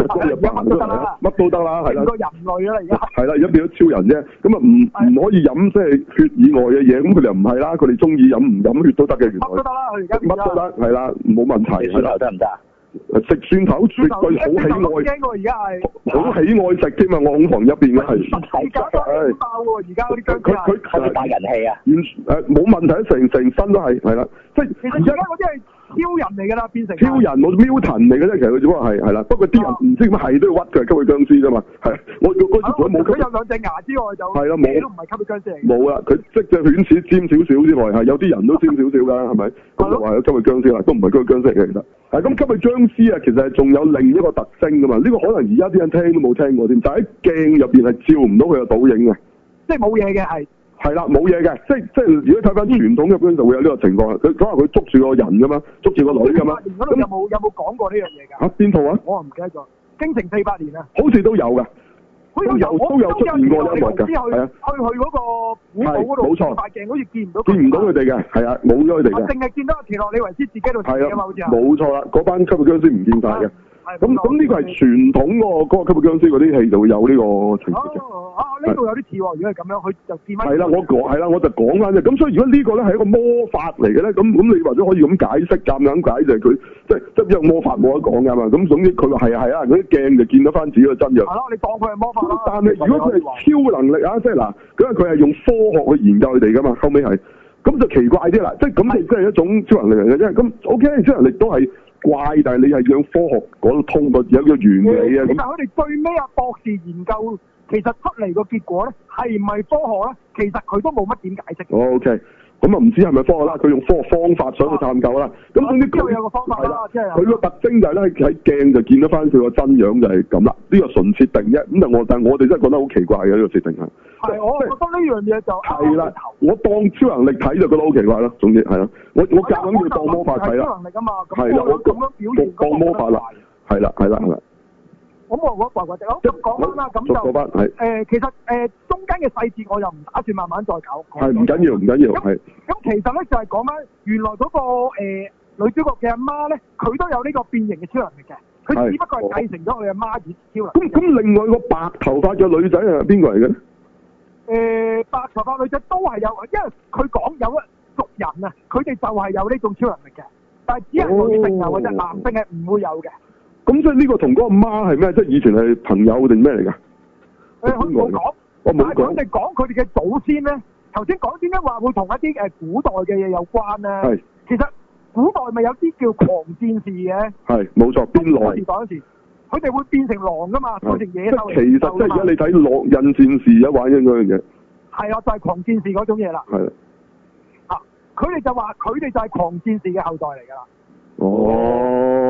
都得啦，係啦，變咗人類啦而家，係啦，而家變咗超人啫。咁 [LAUGHS] 啊，唔唔可以飲即係血以外嘅嘢，咁佢哋又唔係啦，佢哋中意飲唔飲血都得嘅原來。乜都得啦，而家乜都得，係啦，冇問題啦。得唔得啊？食蒜頭，對，好喜愛，而家係好喜愛食添啊！我胸膛入邊係，而家啲佢佢係咪大人氣啊？完全，誒、啊，冇問題，成成身都係，係啦，即係其實係。超人嚟噶啦，變成超人冇，Newton 嚟嘅啫，其實佢只不過係係啦，不過啲人唔知點解係都要屈佢，吸佢僵屍啫嘛，係我我我冇佢有兩隻牙之外就係啦，冇都唔係吸佢僵屍嚟，冇啦，佢隻只犬齒尖少少之外係有啲人都尖少少㗎，係咪？咁就話係吸佢僵屍啦，都唔係吸佢僵屍嚟嘅，其實係咁吸佢僵屍啊，其實係仲有另一個特徵噶嘛，呢個可能而家啲人聽都冇聽過添，就喺鏡入邊係照唔到佢嘅倒影嘅，即係冇嘢嘅係。係啦，冇嘢嘅，即係即係，如果睇翻傳統嘅軍、嗯、就會有呢個情況，佢可能佢捉住個人咁樣，捉住個女咁樣。有冇有冇講過呢樣嘢㗎？嚇邊套啊？套我唔記得咗，《京城四百年》啊。好似都有㗎，都有都有出現過一幕㗎。係去去嗰個古堡嗰度，百勁好似見唔到佢哋。唔到佢哋㗎，係啊，冇咗佢哋。我淨係見到奇洛李維斯自己喺度睇㗎嘛，冇錯啦，嗰班級嘅僵屍唔見曬嘅。咁咁呢個係傳統喎，吸血殭屍嗰啲戲就會有呢個情節。哦呢度有啲似喎，如果係咁樣，佢就變翻。係啦，我講係啦，我就講翻啫。咁所以如果呢個咧係一個魔法嚟嘅咧，咁咁你或者可以咁解釋咁咁解就係佢即係質約魔法冇得講㗎嘛。咁總之佢係啊係啊，嗰啲鏡就見到翻自己嘅真樣。係咯，你當佢係魔法，但係如果佢係超能力啊，即係嗱，因為佢係用科學去研究你哋㗎嘛，後尾係咁就奇怪啲啦。即係咁係真係一種超能力嚟嘅啫。咁 OK，超能力都係。怪，但係你係用科學講通個有個原理啊。咁但係佢哋最尾啊，博士研究，其實出嚟個結果咧，係唔係科學咧？其實佢都冇乜點解釋。OK。咁啊唔知係咪科學啦？佢用科學方法想去探究啦。咁、啊、總之，佢有個方法啦。即係佢個特徵就係咧，喺鏡就見到翻佢個真樣，就係咁啦。呢個純設定啫。咁但係我但係我哋真係覺得好奇怪嘅呢、這個設定係，我覺得呢樣嘢就係、是、啦。我當超能力睇就覺得好奇怪啦。總之係啦。我我夾硬要當魔法睇啦。當超能力吖嘛。係啦，我咁樣表現。當魔法啦。係啦，係啦，係啦。咁我講怪怪哋，我講啦，咁就誒、呃，其實誒、呃、中間嘅細節我又唔打算慢慢再搞。搞哎、係唔緊要，唔緊要，咁、嗯嗯、其實咧就係講翻，原來嗰、那個、呃、女主角嘅阿媽咧，佢都有呢個變形嘅超能力嘅，佢只不過係繼承咗佢阿媽而超能力。咁咁，哦、另外一個白頭髮嘅女仔係邊個嚟嘅咧？白頭髮女仔都係有，因為佢講有族人啊，佢哋就係有呢種超能力嘅，但係只係女性有、哦，或者男性係唔會有嘅。咁所以呢個同嗰個媽係咩？即係以前係朋友定咩嚟噶？誒、嗯，我唔講，我唔講，但係我哋講佢哋嘅祖先咧。頭先講點解話會同一啲誒古代嘅嘢有關咧？係。其實古代咪有啲叫狂戰士嘅？係，冇錯。古代嗰時，佢哋會變成狼噶嘛？變成野獸嚟即係其實，即係而家你睇狼印戰士一玩緊嗰樣嘢。係啊，就係、是、狂戰士嗰種嘢啦。係啦。啊！佢哋就話佢哋就係狂戰士嘅後代嚟噶啦。哦。因但狂犬是唔係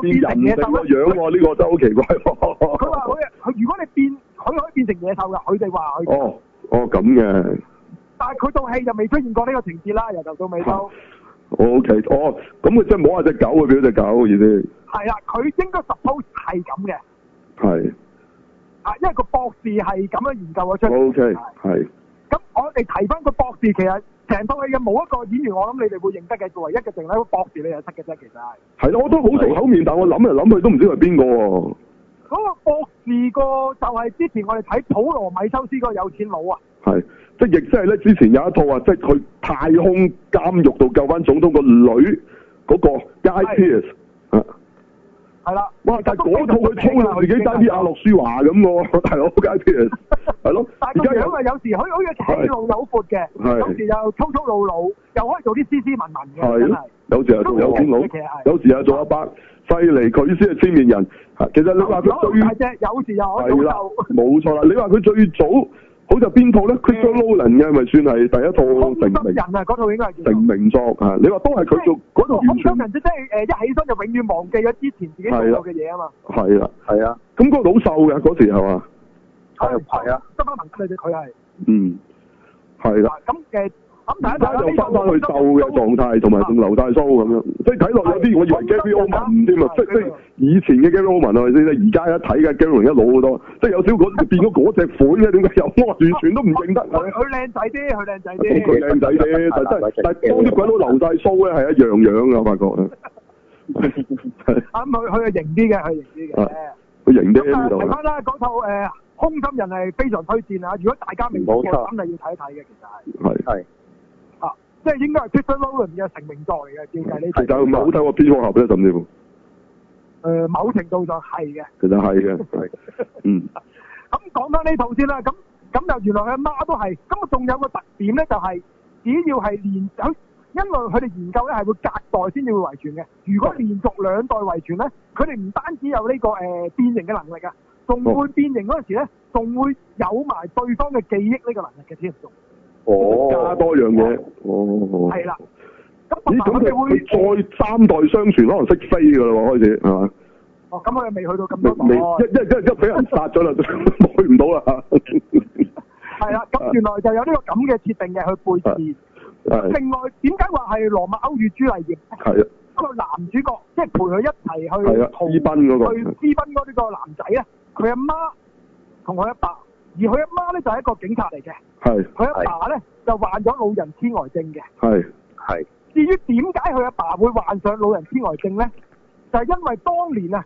變人定個樣喎，呢個真好奇怪。佢話佢如果你變，佢可以變成野獸噶，佢哋話佢。哦哦咁嘅。但係佢套戲就未出現過呢個情節啦，由頭到尾都。OK，哦，咁佢即係摸下隻狗啊，俾隻狗意思。係啦，佢應該 suppose 係咁嘅。係。啊，因為個博士係咁樣研究咗出嚟。O K，係。咁我哋提翻個博士，其實。成套戲嘅冇一個演員，我諗你哋會認得嘅，作唯一嘅剩係個博士你有得嘅啫，其實係。係咯，我都好熟口面，但我諗嚟諗去都唔知係邊個喎。嗰、嗰個博士個就係之前我哋睇普羅米修斯個有錢佬啊。係，即係亦即係咧，之前有一套啊，即係佢太空監獄度救翻總統個女，嗰個女嗰個。係啦，哇！但係嗰套佢操到自己啲阿諾舒華咁喎，大佬嘅，係咯。而家因為有時佢好似戲路好闊嘅，有時又粗粗魯魯，又可以做啲斯斯文文嘅，真係有時又做有錢佬，有時又做阿伯，犀利，佢先係千面人。其實你話佢最，有時又好係啦，冇錯啦。你話佢最早。好就邊套咧？佢做 Low 人嘅，咪算係第一套成名。人啊，套應該係成名作啊！你話都係佢做嗰套。人即、就、係、係呃、一起身就永遠忘記咗之前自己做過嘅嘢啊嘛。係啦，係啊。咁嗰個老瘦嘅嗰時候啊？係係啊，得翻文藝啫，佢係。嗯，係啦。咁、啊、嘅。咁大家就翻返去鬥嘅狀態，同埋仲留曬須咁樣，即係睇落有啲，我以為 Gary Oldman 唔知乜，即係即以前嘅 Gary Oldman 係咪先咧？而家一睇嘅 Gary Oldman 一老好多，啊啊、即係有少少變個嗰隻款嘅，點解又完全都唔認得？佢佢靚仔啲，佢靚仔啲，佢靚仔啲，但係真係當啲鬼佬留曬須咧係一樣樣嘅，我發覺。咁佢佢係型啲嘅，佢型啲嘅，佢型啲啦，嗰套誒《空心人》係非常推薦啊！如果大家未睇過，真係要睇一睇嘅，其實係。即係應該係 Peter Nolan 嘅成名作嚟嘅，叫《就係呢套》。其實唔係好睇過蝙蝠俠咧甚至。誒，某程度上係嘅。其實係嘅，係。嗯。咁講返呢套先啦。咁咁就原來佢阿媽都係。咁仲有個特點呢、就是，就係只要係連等，因為佢哋研究呢係會隔代先至會遺傳嘅。如果連續兩代遺傳呢，佢哋唔單止有呢、這個、呃、變形嘅能力㗎，仲會變形嗰時呢，仲、哦、會有埋對方嘅記憶呢個能力嘅，添啊！哦、加多樣嘢，哦，係、哦、啦。咁咁佢再三代相傳，可能識飛噶啦喎，開始係嘛？哦，咁佢未去到咁多代、啊。一、一、一、一俾人殺咗啦，都 [LAUGHS] 去唔到啦。係啦，咁原來就有呢個咁嘅設定嘅去背地。另外，點解話係羅密歐與朱麗葉咧？係啊。個男主角即係、就是、陪佢一齊去私奔嗰、嗰個。去私奔嗰呢個男仔啊，佢阿媽同佢阿爸，而佢阿媽咧就係一個警察嚟嘅。係佢阿爸咧就患咗老人痴呆症嘅。係係。至於點解佢阿爸會患上老人痴呆症咧？就係、是，因為當年啊，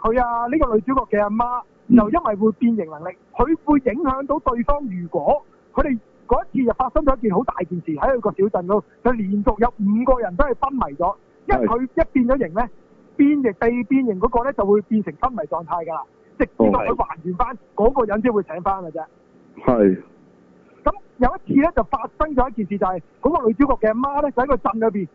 佢啊，呢個女主角嘅阿媽就因為會變形能力，佢、嗯、會影響到對方。如果佢哋嗰一次就發生咗一件好大件事喺佢個小鎮度，就連續有五個人都係昏迷咗。一佢一變咗形咧，變形被變形嗰個咧就會變成昏迷狀態噶啦。直到佢還原翻嗰、嗯，那個人先會醒翻嘅啫。係。有一次咧就發生咗一件事，就是那個，就係嗰個女主角嘅阿媽咧，喺個鎮裏邊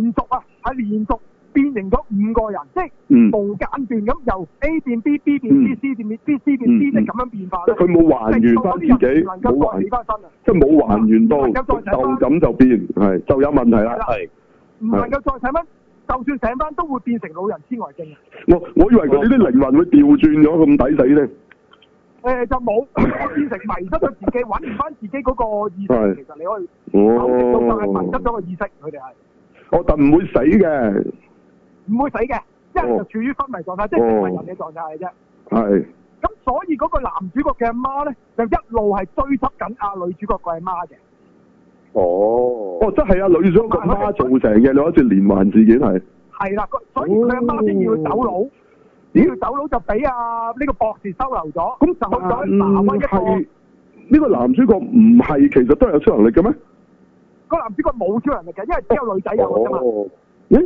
連續啊，係連續變成咗五個人，即係無間斷咁由 A 變 B，B 變 B，C 變 B，C 變 C 即係咁樣變化咧。佢、嗯、冇、嗯嗯、還原翻自己，冇起翻身啊！即係冇還原到，能再就咁就變，係就有問題啦。係唔能夠再醒翻，就算醒翻都會變成老人痴呆症啊！我我以為佢啲靈魂會掉轉咗咁抵死咧。誒、呃，就冇變成迷失咗自己，揾唔翻自己嗰個意識。其實你可以，哦，係迷失咗個意識，佢哋係。我就唔會死嘅。唔會死嘅，即、哦、係就處於昏迷狀態，哦、即係半人嘅狀態嚟啫。係、哦。咁所以嗰個男主角嘅阿媽咧，就一路係追執緊阿女主角嘅阿媽嘅。哦。哦，真係阿、啊、女主角阿媽做成嘅，你好似連環事件係。係啦，所以佢阿媽先要走佬。哦呢條走佬就俾啊呢個博士收留咗，咁就講男一個。呢個男主角唔係其實都係有超能力嘅咩？個男主角冇超能力嘅，因為只有女仔有啊嘛。咦、哦哦？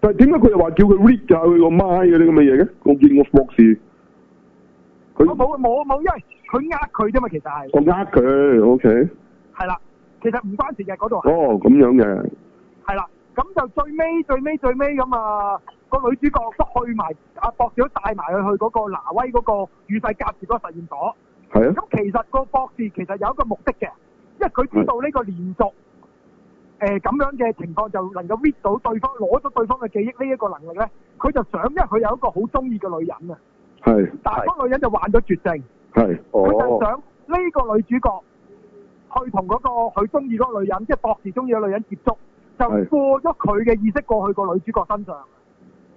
但係點解佢又話叫佢 read 啊？佢個麥嗰啲咁嘅嘢嘅？我見個博士。我冇冇冇，因為佢呃佢啫嘛，其實係。我呃佢，OK。係啦，其實唔關事嘅嗰度。哦，咁樣嘅，係啦，咁就最尾最尾最尾咁啊。個女主角都去埋阿博士，帶埋佢去嗰個挪威嗰個與世隔絕嗰個實驗所。係啊，咁其實個博士其實有一個目的嘅，因為佢知道呢個連續呃、咁樣嘅情況，就能夠 read 到對方攞咗對方嘅記憶呢一個能力咧。佢就想，因為佢有一個好中意嘅女人啊，係，但係個女人就患咗絕症，係，佢就想呢個女主角去同嗰個佢中意嗰個女人，即、就、係、是、博士中意嘅女人接觸，就過咗佢嘅意識過去個女主角身上。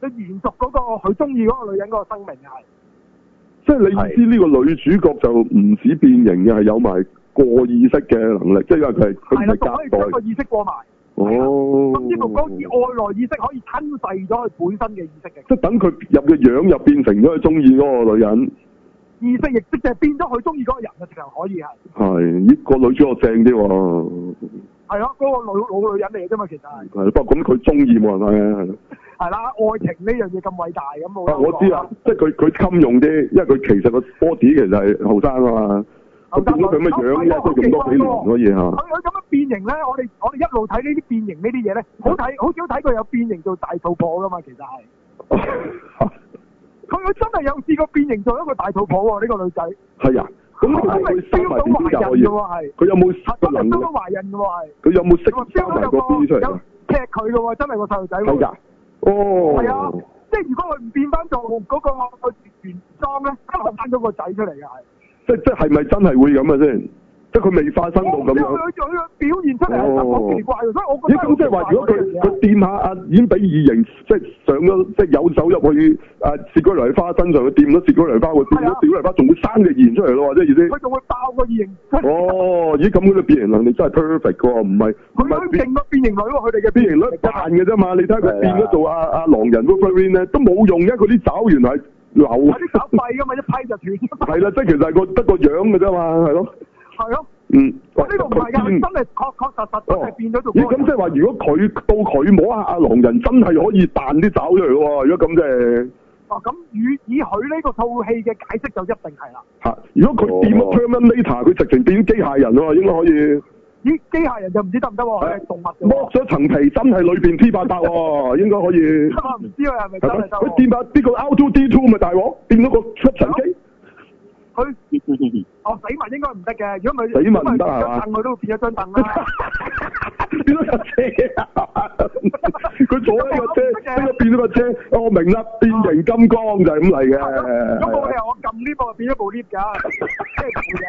佢延續嗰個佢中意嗰個女人嗰個生命又係，即係你唔知呢個女主角就唔止變形嘅係有埋過意識嘅能力，即係因係，佢係佢可以將個意識過埋，哦，咁呢條光外內意識可以吞噬咗佢本身嘅意識嘅，即係等佢入嘅樣入變成咗佢中意嗰個女人，意識亦即就係變咗佢中意嗰個人嘅，就係可以係、哎，係、這、呢個女主角正啲喎。係咯，嗰、那個老老女人嚟嘅啫嘛，其實係。不過咁佢中意冇人怕嘅，係咯。係啦，愛情呢樣嘢咁偉大咁、啊。我知啊，即係佢佢慘用啲，因為佢其實個波子其實係後生啊嘛，佢變咗佢咩樣嘅，佢變咗幾年嗰嘢啊。佢佢咁樣變形咧，我哋我哋一路睇呢啲變形呢啲嘢咧，好睇好少睇佢有變形做大肚婆噶嘛，其實係。佢 [LAUGHS] 佢真係有試過變形做一個大肚婆喎、啊，呢、這個女仔。係啊。咁佢真係招到懷孕嘅喎，係佢有冇實人？招到都懷孕嘅係佢有冇識喎？招個？有劈佢嘅喎，真係個細路仔喎。係㗎，哦，係啊，即係如果佢唔變翻做個個原裝咧，真係生咗個仔出嚟嘅係。即係即係咪真係會咁嘅啫？即係佢未發生到咁樣，佢、哦、表現出係十分奇怪、哦，所以我覺得、欸。咁即係話，如果佢佢掂下已經畀異形，即係上咗，即係有手入去誒，過、啊、個花身上，佢掂咗折過泥花，會掂咗屌個泥花，仲會生異形出嚟咯，即係意思。佢仲會爆個異形出。哦， [LAUGHS] 咦？咁佢嘅變形能力真係 perfect 喎、哦，唔係佢唔係變個變形女喎、啊，佢哋嘅變形女賺嘅啫嘛。你睇下佢變咗做阿、啊、阿、啊啊啊、狼人個變都冇用嘅、啊。佢啲爪原來係流。係啲爪廢嘅嘛，一批就斷。係啦、啊， [LAUGHS] 即係其實係個得個樣嘅啫嘛，係咯、啊。 [LAUGHS] 係咯、啊，嗯，呢個唔係啊，真係確確實實係變咗做。咦、哦，咁即係話，如果佢到佢摸下阿狼人，真係可以彈啲爪出嚟喎？如果咁嘅，係，哦咁以以佢呢個套戲嘅解釋就一定係啦。嚇、啊！如果佢掂咗 Terminator，佢、哦、直情變機械人喎、哦，應該可以。咦，機械人就唔知得唔得喎？係、啊、動物。剝咗層皮，真係裏邊 T 八八喎， [LAUGHS] 應該可以。唔知啊，係咪佢掂呢個 R2-D2 咪大鑊？掂到個出塵機。佢、嗯。 [LAUGHS] 哦，死物應該唔得嘅，如果佢死物唔得，凳佢都變咗張凳啦、 [LAUGHS] 啊。 [LAUGHS] 變咗架車，佢坐咗架車，邊個變咗架車？我明啦、哦，變形金剛就係咁嚟嘅。咁、啊、我係 [LAUGHS] 我撳呢部我變咗部 lift 㗎即係冇嘢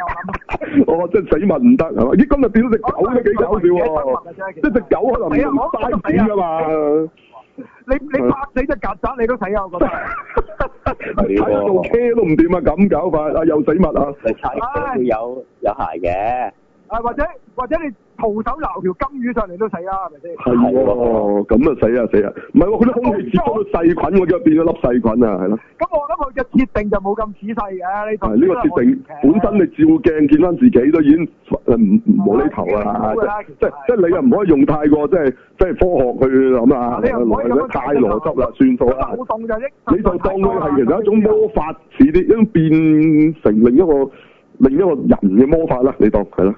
我諗。哦，真係死物唔得，咦，今日變咗隻狗咧幾搞笑喎、啊啊！即隻狗可能係個沙子啊嘛。 [LAUGHS] 你你拍死隻曱甴你都睇啊，我覺得，係 [LAUGHS] [LAUGHS] 啊，做車都唔掂啊，咁搞法啊，又死物啊，會有有鞋嘅，啊或者或者你。徒手撈條金魚上嚟都死啦，係咪先？係 [NOISE] 喎樂，咁就死啊死啊！唔係喎，佢啲空氣中有細菌我喎，變咗粒細菌啊，係咯。咁我諗佢嘅設定就冇咁仔細嘅呢度。係呢、呢個設定本身，你照鏡見翻自己都已經誒唔好厘頭啦，即即即你又唔可以用太過即係科學去諗啊， [MUSIC] 太邏輯啦，算數啦。你就當佢係其實一種魔法，似啲一種變成另一個另一個人嘅魔法啦，你當係啦。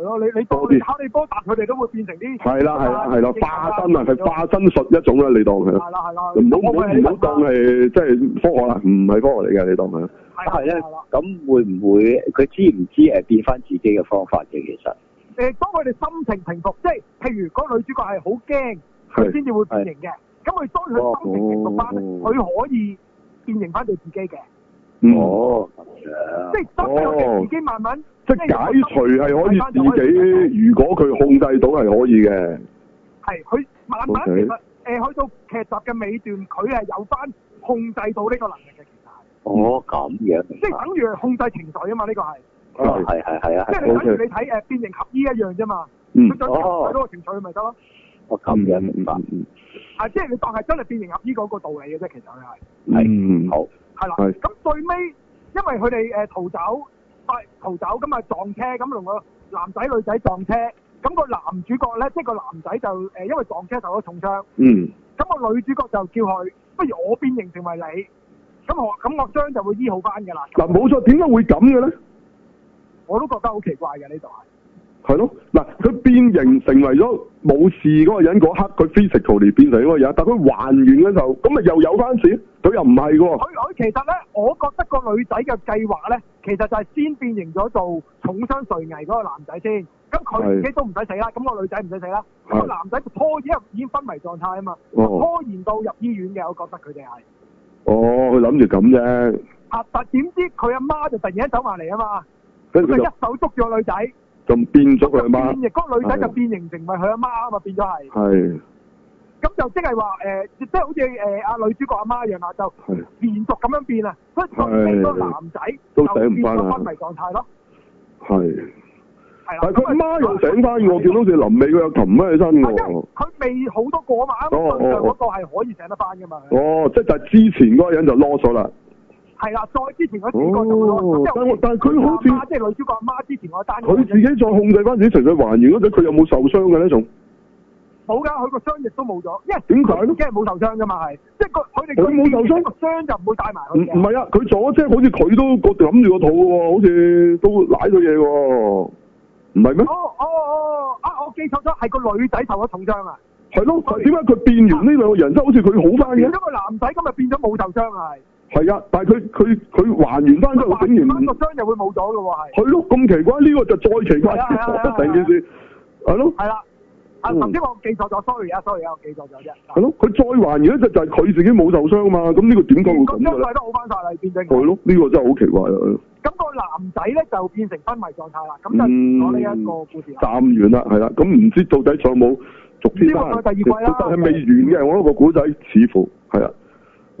係咯，你你當你哈利波特佢哋都會變成啲係啦係啦係啦化身啊，係化身術一種啦，你當佢係啦，唔好唔好當係即係科學啦，唔係科學嚟嘅，你當係係啦。咁會唔會佢知唔知誒變翻自己嘅方法嘅？其實誒，當佢哋心情平復，即係譬如嗰個女主角係好驚，佢先至會變形嘅。咁佢當佢心情平復翻，佢、哦哦、可以變形翻做自己嘅。哦，咁、嗯、樣哦。即係當佢自己慢慢。哦即解除係可以自己，如果佢控制到係可以嘅。係、okay，佢慢慢其實誒去、呃、到劇集嘅尾段，佢係有翻控制到呢個能力嘅。其實。哦，咁樣。即係等於控制情緒啊嘛？呢、呢個係。哦，係係係啊！即你等於你睇誒、嗯呃、變形俠醫一樣啫嘛。嗯。哦哦。控制到個情緒，咪得咯？我咁樣明白。係、啊，即係你當係真係變形俠醫嗰個道理嘅啫，其實係。係、嗯、好。係啦，咁最尾因為佢哋誒逃走。呃逃走，咁啊，撞車，咁同個男仔女仔撞車，咁個男主角咧，即係個男仔就誒，因為撞車受咗重傷。嗯，咁個女主角就叫佢，不如我變形成為你，咁我咁我將就會醫好翻噶啦。嗱，冇錯，點解會咁嘅咧？我都覺得好奇怪嘅呢度，係。係咯，嗱，佢變形成為咗冇事嗰個人嗰刻，佢 physically 變成個樣，但佢還原嘅時候，咁咪又有翻事，佢又唔係喎。佢佢其實咧，我覺得個女仔嘅計劃咧，其實就係先變形咗做重傷垂危嗰個男仔先，咁佢自己都唔使死啦，咁、個女仔唔使死啦，個男仔拖延，已經昏迷狀態啊嘛、哦，拖延到入醫院嘅，我覺得佢哋係。哦，佢諗住咁啫。啊，但點知佢阿媽就突然間走埋嚟啊嘛，佢一手捉住個女仔。咁變咗佢阿媽，嗰、那個、女仔就變形成為佢阿媽，嘛。變咗係。咁就即係話即係好似阿、呃呃、女主角阿媽，媽一樣，就連續咁樣變啊，所以變個男仔都醒唔翻啦。昏迷狀態咯。係。係係佢阿媽又醒翻，我見到好似臨尾嗰個沉翻起身喎。佢未好多過嘛，身上嗰個係可以醒得翻㗎嘛。哦，即係、哦哦哦、就，是、就是之前嗰個人就落咗啦。係啦，再之前我幾個做咯，哦、我，但係佢好似即係女主角阿媽之前嗰單，佢自己再控制翻自己，純粹還原嗰陣，佢有冇受傷嘅咧？仲冇噶，佢個傷亦都冇咗，因為點解咧？即係冇受傷噶嘛，係即係佢哋佢冇受傷個傷就唔會帶埋，唔係啊，佢左車好似佢都感覺住個肚喎，好似都舐咗嘢喎，唔係咩？哦哦哦，啊、哦、我記錯咗，係個女仔受咗重傷啊。係咯，點解佢變完呢兩個人，即、啊、好似佢好翻嘅？因為男仔今日變咗冇受傷係。係啊，但係佢佢佢還原翻咗，整完唔受傷就會冇咗嘅喎，係。係咯，咁奇怪呢個就再奇怪，係啊，成件事係咯。係啦，啊，頭先我記錯咗，sorry 啊，sorry 啊，我記錯咗啫。係咯，佢再還原咧就就係佢自己冇受傷啊嘛，咁呢個點講？咁呢季都好翻晒啦，變咗。係咯，呢個真係好奇怪啊！咁個男仔咧就變成昏迷狀態啦，咁就講呢、嗯、一個故事。暫完啦，係啦，咁唔知到底有冇續編翻？但係未完嘅，我個古仔似乎係啊。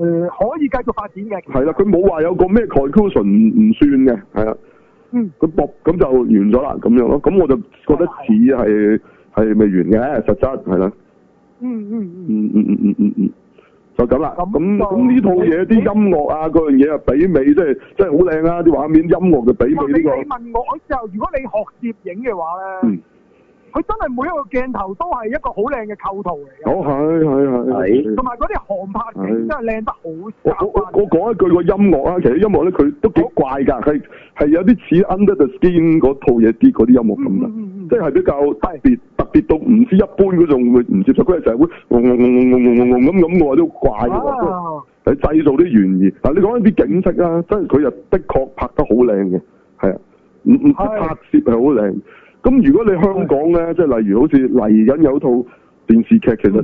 誒、嗯，可以繼續發展嘅係啦，佢冇話有,有個咩 correction 唔算嘅係啦，嗯，佢搏咁就完咗啦，咁樣咯，咁我就覺得似係係未完嘅實質係啦，嗯嗯嗯嗯嗯嗯嗯嗯，就咁啦，咁咁呢套嘢啲音樂啊，嗰樣嘢啊，比美即係即係好靚啊！啲畫面、音樂嘅比美呢、這個你，你問我之後如果你學攝影嘅話咧。嗯佢真係每一個鏡頭都係一個好靚嘅構圖嚟，好係係係，同埋嗰啲航拍景真係靚得好誇張。我講一句個、嗯、音樂啦，其實音樂呢，佢都幾怪㗎，係有啲似 Under the Skin 嗰套嘢啲嗰啲音樂咁啦、嗯嗯，即係比較特別特別到唔知一般嗰種唔唔接受嗰啲社會嗡嗡嗡嗡嗡嗡嗡咁咁嘅都怪嘅喎，係、哎、製造啲懸疑，嗱你講啲景色啊，真係佢又的確拍得好靚嘅，係啊，唔唔止拍攝係好靚。咁如果你香港咧，即係例如好似嚟緊有套電視劇，其實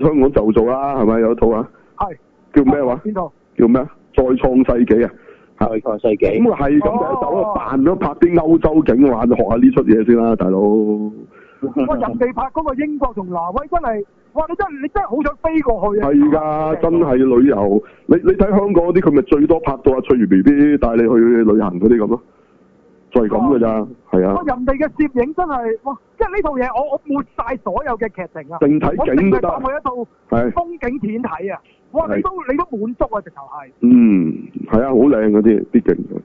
香港就做啦，係咪有一套啊？係。叫咩話？邊套？叫咩？再創世紀啊！再創世紀。咁咪係咁就喺度扮咗拍啲歐洲景玩，哦、學下呢出嘢先啦，大佬。哇！人哋拍嗰個英國同挪威真係，哇！你真係你真係好想飛過去啊！係㗎，真係旅遊。你你睇香港嗰啲，佢咪最多拍到阿翠如 B B 帶你去旅行嗰啲咁咯。就係咁噶咋，係啊！我人哋嘅攝影真係，哇！即係呢套嘢，我我抹曬所有嘅劇情啊！淨睇景得，我淨係當佢一套風景片睇啊！哇，你都你都滿足啊，直頭係。嗯，係啊，好靚嗰啲，啲景嘅。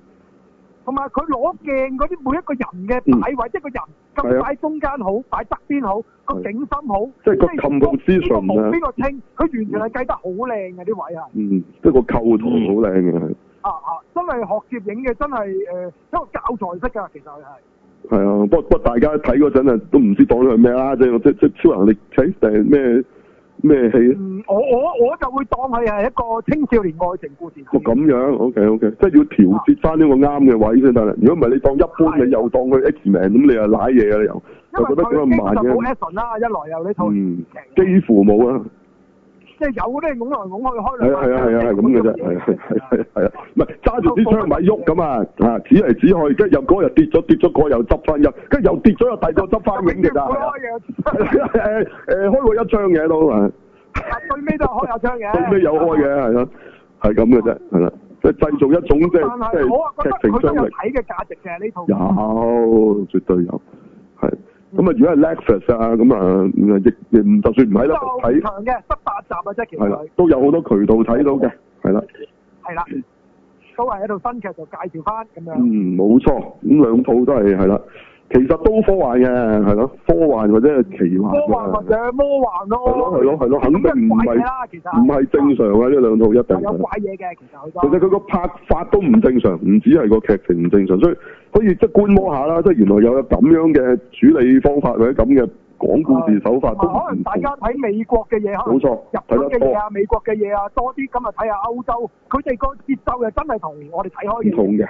同埋佢攞鏡嗰啲每一個人嘅擺位，即係個人咁擺中間好，擺側邊好，個景深好，即係個構圖之上咧。邊個濃邊個清，佢完全係計得好靚嘅啲位啊！嗯，即係個構圖好靚嘅。啊真係學攝影嘅，真係誒，一個、呃、教材式噶，其實係。係啊，不過不過大家睇嗰陣啊，都唔知當佢係咩啦，即係即即超能力睇成咩咩戲，我我我就會當佢係一個青少年愛情故事。哦，咁樣，OK OK，即係要調節翻呢個啱嘅位先得啦。如果唔係，你當一般，你又當佢 X-Men，咁你又瀨嘢啊你又，就覺得咁樣慢嘅。冇咩純啦，一來又呢套、嗯，幾乎冇啊。 [LAUGHS] 即係有啲，㧬、啊啊啊啊啊啊啊啊啊、來㧬去，開兩係啊係啊係啊係咁嘅啫，係係係係啊，唔係揸住支槍咪喐咁啊，啊指嚟指去，跟住又嗰日跌咗跌咗，個又執翻入，跟住又跌咗又第個執翻永嘅咋？開開嘢，誒誒開過一槍嘢都係，最尾都係開下槍嘢，最尾有開嘅係咯，係咁嘅啫，係啦、啊，即係製造一種即係即係劇情張力。睇嘅價值嘅呢套有，絕對有，係、嗯。係啊嗯咁、嗯、啊，如果係 Netflix 啊，咁啊，亦亦就算唔喺度睇。嘅、嗯，得八集啊，即係其實。係啦。都有好多渠道睇到嘅，係、嗯、啦。係啦。都係喺度新劇就介紹翻咁樣。嗯，冇錯，咁兩套都係係啦。其實都科幻嘅，係咯，科幻或者奇幻。科幻或者魔幻咯、哦。係咯係咯係咯，肯定唔係，其實唔係正常嘅呢兩套一定。有怪嘢嘅其實佢。其實佢個拍法都唔正常，唔止係個劇情唔正常，所以可以即觀摩下啦。即原來有咁樣嘅處理方法或者咁嘅。講故事手法都唔同，嗯、可能大家睇美國嘅嘢，可能日本嘅嘢啊，美國嘅嘢啊多啲，咁啊睇下歐洲，佢哋個節奏又真係同我哋睇開唔同嘅，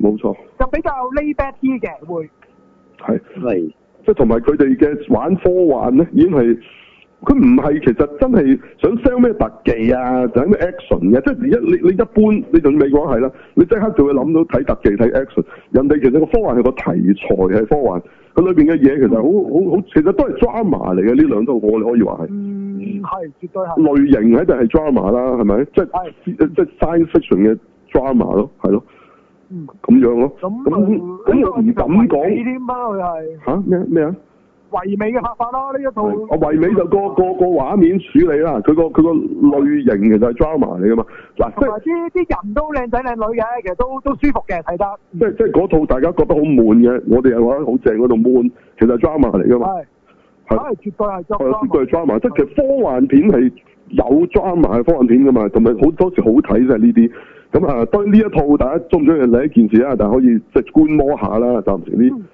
冇錯。就比較 lay back 啲嘅會係係，即係同埋佢哋嘅玩科幻咧已經係。佢唔係其實真係想 sell 咩特技啊，就係咩 action 嘅，即係一你你，你一般你仲未講係啦，你即刻就會諗到睇特技睇 action，人哋其實個科幻係個題材係科幻，佢裏面嘅嘢其實、嗯、好好好，其實都係 drama 嚟嘅呢兩套我可以話係，嗯，係、嗯、絕對係。類型喺度係 drama 啦，係咪？即係即係 science fiction 嘅 drama 咯，係咯。咁、嗯、樣咯。咁咁又唔敢講。四天包又係。嚇咩咩啊？唯美嘅拍法咯，呢一套。我唯美就個個個畫面處理啦，佢個佢個類型其實係 drama 嚟噶嘛。嗱，即係啲啲人都好靚仔靚女嘅，其實都都舒服嘅睇得。即、嗯、即係嗰套大家覺得好悶嘅，我哋又話好正嗰度悶，其實係 drama 嚟噶嘛。係。係絕對係 drama。絕對係 drama，即係、就係、其實科幻片係有 drama 嘅科幻片噶嘛，同埋好多時好睇就係呢啲。咁啊，嗯、當然呢一套大家中唔中意另一件事啊？但係可以即係觀摩下啦，暫時呢。嗯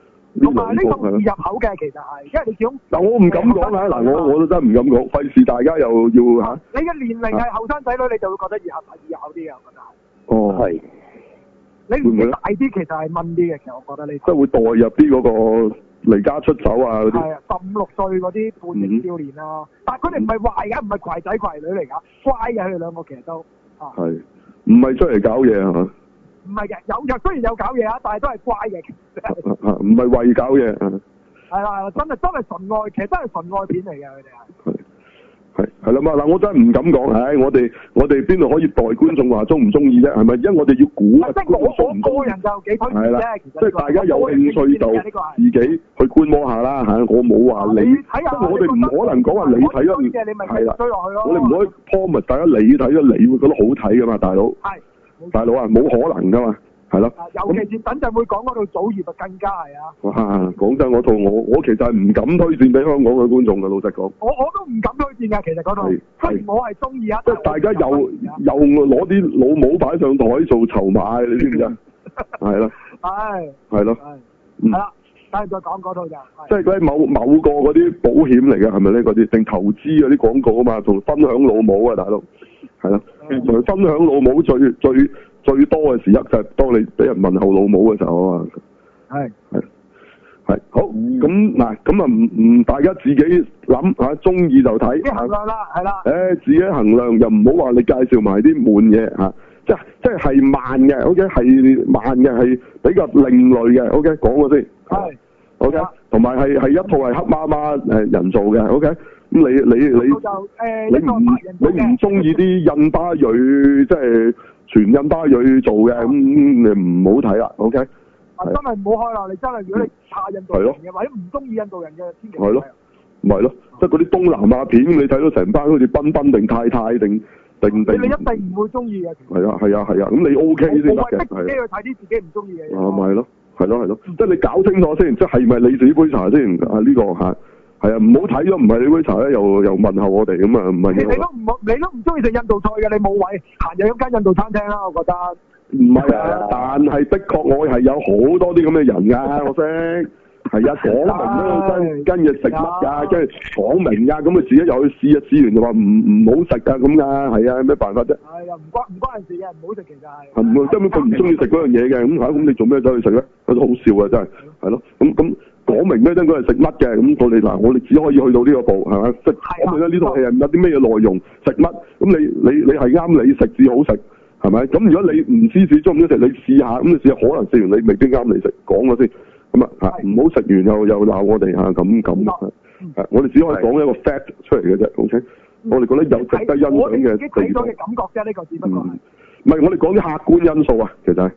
同埋呢個易入口嘅，其實係，因為你想。嗱，我唔敢講啦，嗱，我我都真係唔敢講，費事大家又要嚇、啊。你嘅年齡係後生仔女、啊，你就會覺得廿八廿九啲嘅，我覺得係。哦，係。你會唔會大啲，其實係問啲嘅，其實我覺得你。即係會代入啲嗰個離家出走啊。係啊，十五六歲嗰啲叛逆少年啊，嗯、但佢哋唔係壞呀，唔係攜仔攜女嚟㗎，乖嘅佢哋兩個其實都。係、啊。唔係出嚟搞嘢係、啊。唔係嘅，有嘅雖然有搞嘢啊，但係都係乖嘅，唔係為搞嘢。係啦，真係真係純愛，其實真係純愛片嚟嘅佢哋啊。係係係啦嘛，嗱，我真係唔敢講，唉，我哋我哋邊度可以代觀眾話鍾唔鍾意啫？係咪？因為我哋要估，即係我我個人就幾款嘅，即係、呢個、大家有興趣就自己去觀摩一下啦嚇。我冇話你睇，即係我哋唔可能講話你睇咗，係啦，追落去咯。我哋唔可，可以 promise 大家理你睇咗，你會覺得好睇噶嘛，大佬。係。大佬啊，冇可能噶嘛，係咯，尤其是等陣會講嗰套祖業啊，更加係啊。哇，講真，我套我我其實係唔敢推薦俾香港嘅觀眾噶，老實講。我我都唔敢推薦噶，其實嗰套，雖然我係中意啊。即係大家又又攞啲老母擺上台做籌碼，你知唔知啊？係 [LAUGHS] 咯是的。係 [LAUGHS] 是的。係 [LAUGHS] 咯。係啦，等陣再講嗰套就。即係嗰啲某某個嗰啲保險嚟嘅，係咪呢啲定投資嗰啲廣告啊嘛，同分享老母啊，大佬，係啦。分享老母最最最多嘅時刻，就係、是、當你俾人問候老母嘅時候啊嘛，係係係好咁嗱咁啊唔唔大家自己諗吓中意就睇，自己衡量啦係啦，誒自己衡量又唔好話你介紹埋啲悶嘢吓，即係即係係慢嘅，OK 係慢嘅係比較另類嘅，OK 講過先，係 OK 同埋係係一套係黑媽媽誒人做嘅，OK。咁你你你，你唔你唔中意啲印巴裔，即係全印巴裔做嘅，咁你唔好睇啦，OK？、啊啊、真係唔好開啦！你真係如果你怕印度人嘅、啊，或者唔中意印度人嘅，千祈唔好睇。係咯，即係嗰啲東南亞片，你睇到成班好似賓賓定太太定定定。泰泰泰泰你一定唔會中意嘅。係啊係啊係啊，咁、啊啊、你 OK 先得嘅。我威逼自己去睇啲自己唔中意嘅。啊，咪係咯，係咯係咯，即係你搞清楚先，即係係咪你自己杯茶先啊？呢個嚇。係啊，唔好睇咯，唔係你杯茶咧，Richard，又又問候我哋咁啊，唔係。你都唔好，你都唔中意食印度菜嘅，你冇位行入一間印度餐廳啦，我覺得。唔係啊，啊，但係的確我係有好多啲咁嘅人噶，我識係啊，講明都跟跟住食乜啊，跟住講明啊。咁佢自己又去試一試完就話唔唔好食啊。咁啊，係啊，有咩辦法啫？係啊，唔關唔關事嘅，唔好食其實係。根本佢唔中意食嗰樣嘢嘅，咁吓咁你做咩走去食咧？我都好笑啊，真係、啊，係咯，咁咁。講明咩咧？佢係食乜嘅咁？我哋嗱，我哋只可以去到呢個步，係咪？即係呢度係有啲咩嘢內容？食乜？咁你你你係啱你食至好食，係咪？咁如果你唔知鍾唔鍾意食，你試下咁，你試下可能食完你未必啱你食，講咗先咁啊，唔好食完又又鬧我哋嚇咁咁啊！我哋只可以講一個 fact 出嚟嘅啫，好、okay? k、嗯、我哋覺得有值得欣賞嘅地方。我我自己睇到嘅感覺啫，呢、這個唔係、嗯、我哋講啲客觀因素啊、嗯，其實。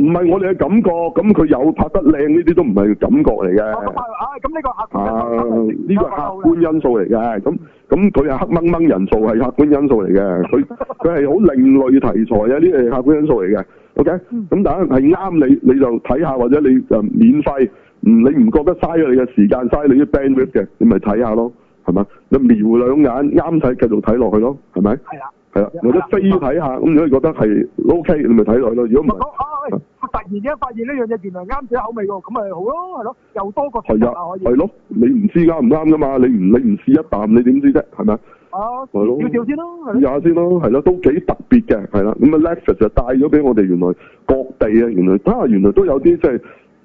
唔 [LAUGHS] 係我哋嘅感覺，咁佢有拍得靚呢啲都唔係感覺嚟嘅。咁、啊、呢個客觀因素嚟嘅。咁咁佢係黑掹掹人數係、啊呢個、客觀因素嚟嘅。佢佢係好另類題材啊！呢啲係客觀因素嚟嘅。O K，咁但係啱你你就睇下，或者你就免費，你唔覺得嘥咗你嘅時間嘥你啲 bandwidth 嘅，你咪睇下咯，係咪？你瞄兩眼啱睇，繼續睇落去咯，係咪？係啊。係啦，我都飛睇下，咁如果你覺得係 OK，是你咪睇落去咯。如果唔，我、啊、突然之間發現呢樣嘢，原來啱自己口味咁咪好咯，係咯，又多個選擇可以。係咯，你唔知啱唔啱噶嘛？你唔你唔試一啖，你點知啫？係咪？我、啊，係咯，跳跳先咯。試下先咯，係咯，都幾特別嘅，係啦。咁啊 Netflix 就帶咗俾我哋，原來各地原來原來啊，原來睇下原來都有啲即係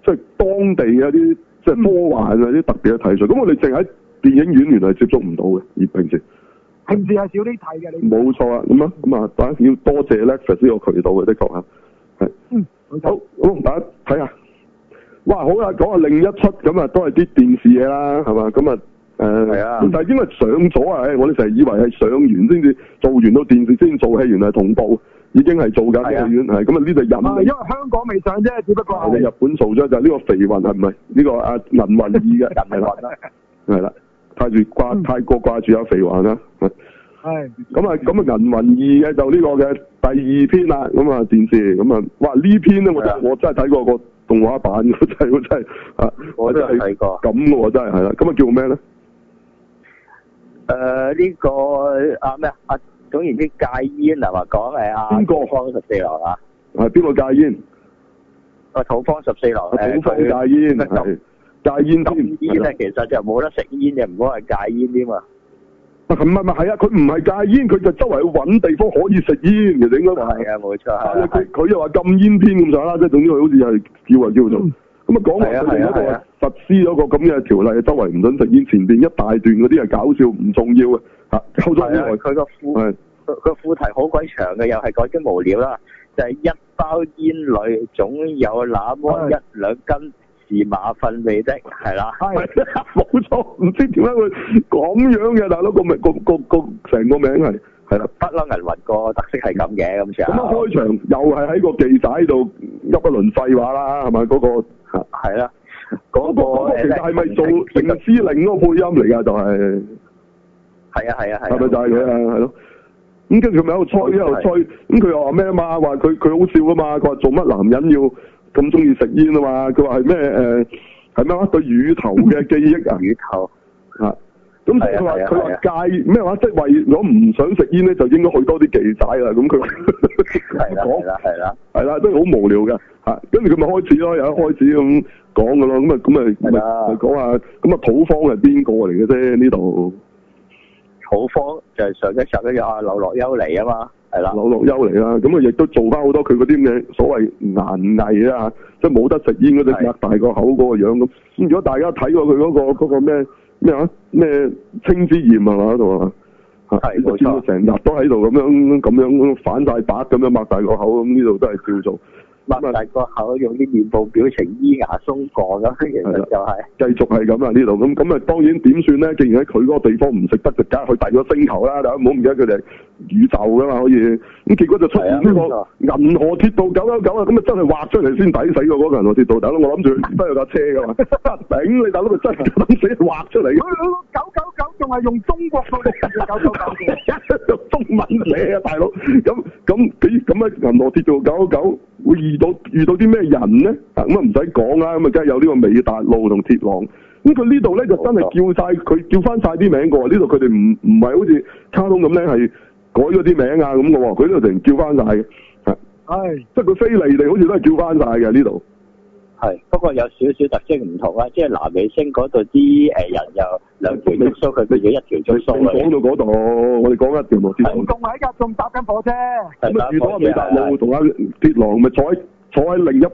即係當地嘅啲即係魔幻啊，啲特別嘅題材。咁、嗯、我哋淨喺電影院原來接觸唔到嘅，而平時。平時係少啲睇嘅，你冇錯啊。咁啊，咁啊，大家要多謝 Netflix 呢個渠道嘅，的確啊，係、嗯。好，好、嗯，同大家睇下。哇，好啊，講、那、下、個、另一出，咁啊，都係啲電視嘢啦，係嘛？咁啊，誒、嗯，係啊。但係因為上咗啊！我哋成日以為係上完先至做完到電視先做戲，原來同步已經係做緊戲院，係咁啊！呢度人。因為香港未上啫，只不過。係日本做咗就呢、是、個肥雲係唔係呢個阿、啊、銀魂2嘅人係啦。 [LAUGHS] 對了 [LAUGHS] 對了 [LAUGHS] 帶住掛泰國掛住阿肥話啦，係、嗯，咁啊咁啊銀魂2嘅就呢個嘅第二篇啦，咁啊電視，咁、呃這個、啊，哇呢篇咧我真我真係睇過個動畫版，真係真係啊，我真係睇過，咁喎真係係啦，咁啊叫咩咧？誒呢個啊，咩啊？總言之戒煙嗱，話講誒啊，邊方十四樓啊？係邊個戒煙？啊，土方十四樓戒煙戒煙先，咧其實就冇得食煙，就唔好係戒煙添啊。唔係唔係，係啊，佢唔係戒煙，佢就周圍揾地方可以食煙，其實應該。係啊，冇錯。佢又話禁煙篇咁上下啦，即總之佢好似係叫啊叫做咁啊講話佢哋嗰個實施咗個咁嘅條例，周圍唔准食煙，前面一大段嗰啲係搞笑唔重要啊。嚇，後再來佢個副佢個副題好鬼長嘅，又係改啲無聊啦，就係、是、一包煙裏總有那麼一兩根。是馬糞嚟的，係啦，係冇錯，唔 [LAUGHS] 知點解會咁樣嘅，大佬個名個個個成個名係係啦，不嬲銀魂個特色係咁嘅，咁樣咁開場又係喺個記者喺度噏一輪廢話啦，係咪嗰個係啦，嗰、嗰個嗰個其實係咪做成司令嗰個配音嚟噶，就係係啊係啊係，係咪就係佢啊，係咯，咁跟住佢咪度吹又吹，咁佢又話咩啊嘛，話佢佢好笑噶嘛，佢話做乜男人要？咁中意食煙啊嘛！佢話係咩誒？係咩話？對乳頭嘅記憶啊？ [LAUGHS] 乳頭啊！咁佢話佢話戒咩話即係如果唔想食煙咧，就應該去多啲妓寨啦。咁佢話係啦係啦係啦，係啦都係好無聊嘅嚇。跟住佢咪開始咯，又開始咁講嘅咯。咁啊咁啊，咪講下咁啊？土方係邊個嚟嘅啫？呢度土方就係上一集有阿劉樂優嚟啊嘛。係啦，老六優嚟啦，咁啊亦都做翻好多佢嗰啲咩所謂顏藝啊，即係冇得食煙嗰隻擘大個口嗰個樣咁。咁如果大家睇過佢嗰、嗰個、嗰個咩咩啊咩青之炎啊嘛嗰度啊，係成日都喺度咁樣咁樣反大把咁樣擘大個口咁，呢度都係叫做擘大個口，用啲面部表情依牙鬆降咁，其實就係、係、繼續係咁啊呢度咁咁啊，當然點算咧？既然喺佢嗰個地方唔食得，就梗係去第個星球啦。大家唔好唔記得佢哋。宇宙噶嘛可以，咁結果就出現呢個銀河鐵道九九九啊！咁啊真係畫出嚟先抵死過嗰個銀河鐵道，大佬我諗住都有架車噶嘛， [LAUGHS] 頂你大佬真係諗死畫出嚟，九九九仲係用中國字，九九九， [LAUGHS] 用中文嚟啊！大佬咁咁幾咁啊銀河鐵道九九九會遇到遇到啲咩人呢？咁啊唔使講啦，咁啊梗係有呢個美大路同鐵狼。咁佢呢度咧就真係叫晒佢叫翻晒啲名過，呢度佢哋唔唔係好似卡通咁咧係。改咗啲名啊，咁嘅佢呢度成叫翻晒嘅，唉，即係佢非禮地，好似都係叫翻晒嘅呢度，係不過有少少特徵唔同啊。即係南美星嗰度啲誒人又兩條鬚，佢不如一條鬚，講到嗰度，我哋講一條路錯。一共係一共搭緊火車，咁啊，遇到阿美達路，同阿鐵狼咪坐喺坐喺另一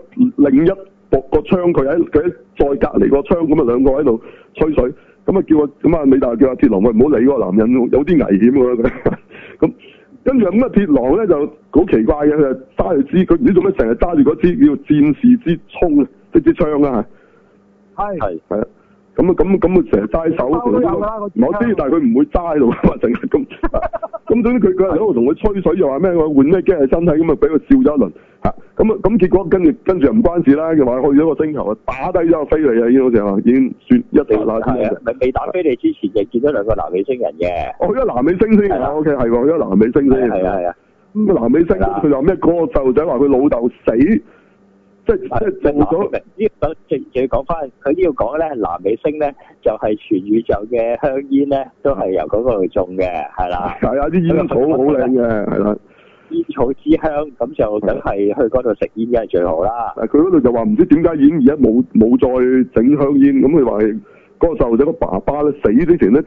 另一個窗，佢喺佢喺再隔籬個窗，咁啊兩個喺度吹水，咁啊叫啊咁啊美達叫阿鐵狼，咪唔好理嗰個男人有，有啲危險嘅佢。咁跟住咁啊，鐵狼呢就好奇怪嘅，佢就揸住支佢唔知做咩成日揸住嗰支叫戰士之槍啊，即支槍啊，係係。咁啊，咁咁佢成日揸手，唔我知道，但係佢唔會揸到，嘛，成日咁，咁總之佢佢喺度同佢吹水，又話咩？我換咩機啊？身體咁啊，俾佢笑咗一輪，吓，咁啊，咁結果跟住跟住又唔關事啦，佢話去咗個星球，打低咗個飛嚟啊，已經好似話，已經算一打啦，啲未打、啊、打飛利之前，就見咗兩個南美星人嘅、哦。去咗南美星星 OK 係喎，一、啊啊 okay, 啊、南美星先，係啊係啊。咁、啊啊嗯、南美星，佢話咩？嗰、那個細路仔話佢老豆死。即係即係正講呢首正正講翻佢呢個講咧，南美星咧就係全宇宙嘅香煙咧，都係由嗰個度種嘅，係啦。係啊，啲煙草好靚嘅，係啦。煙草之香，咁就梗係去嗰度食煙梗係最好啦。佢嗰度就話唔知點解已經而家冇冇再整香煙，咁佢話係嗰個細路仔個爸爸咧死了之前咧，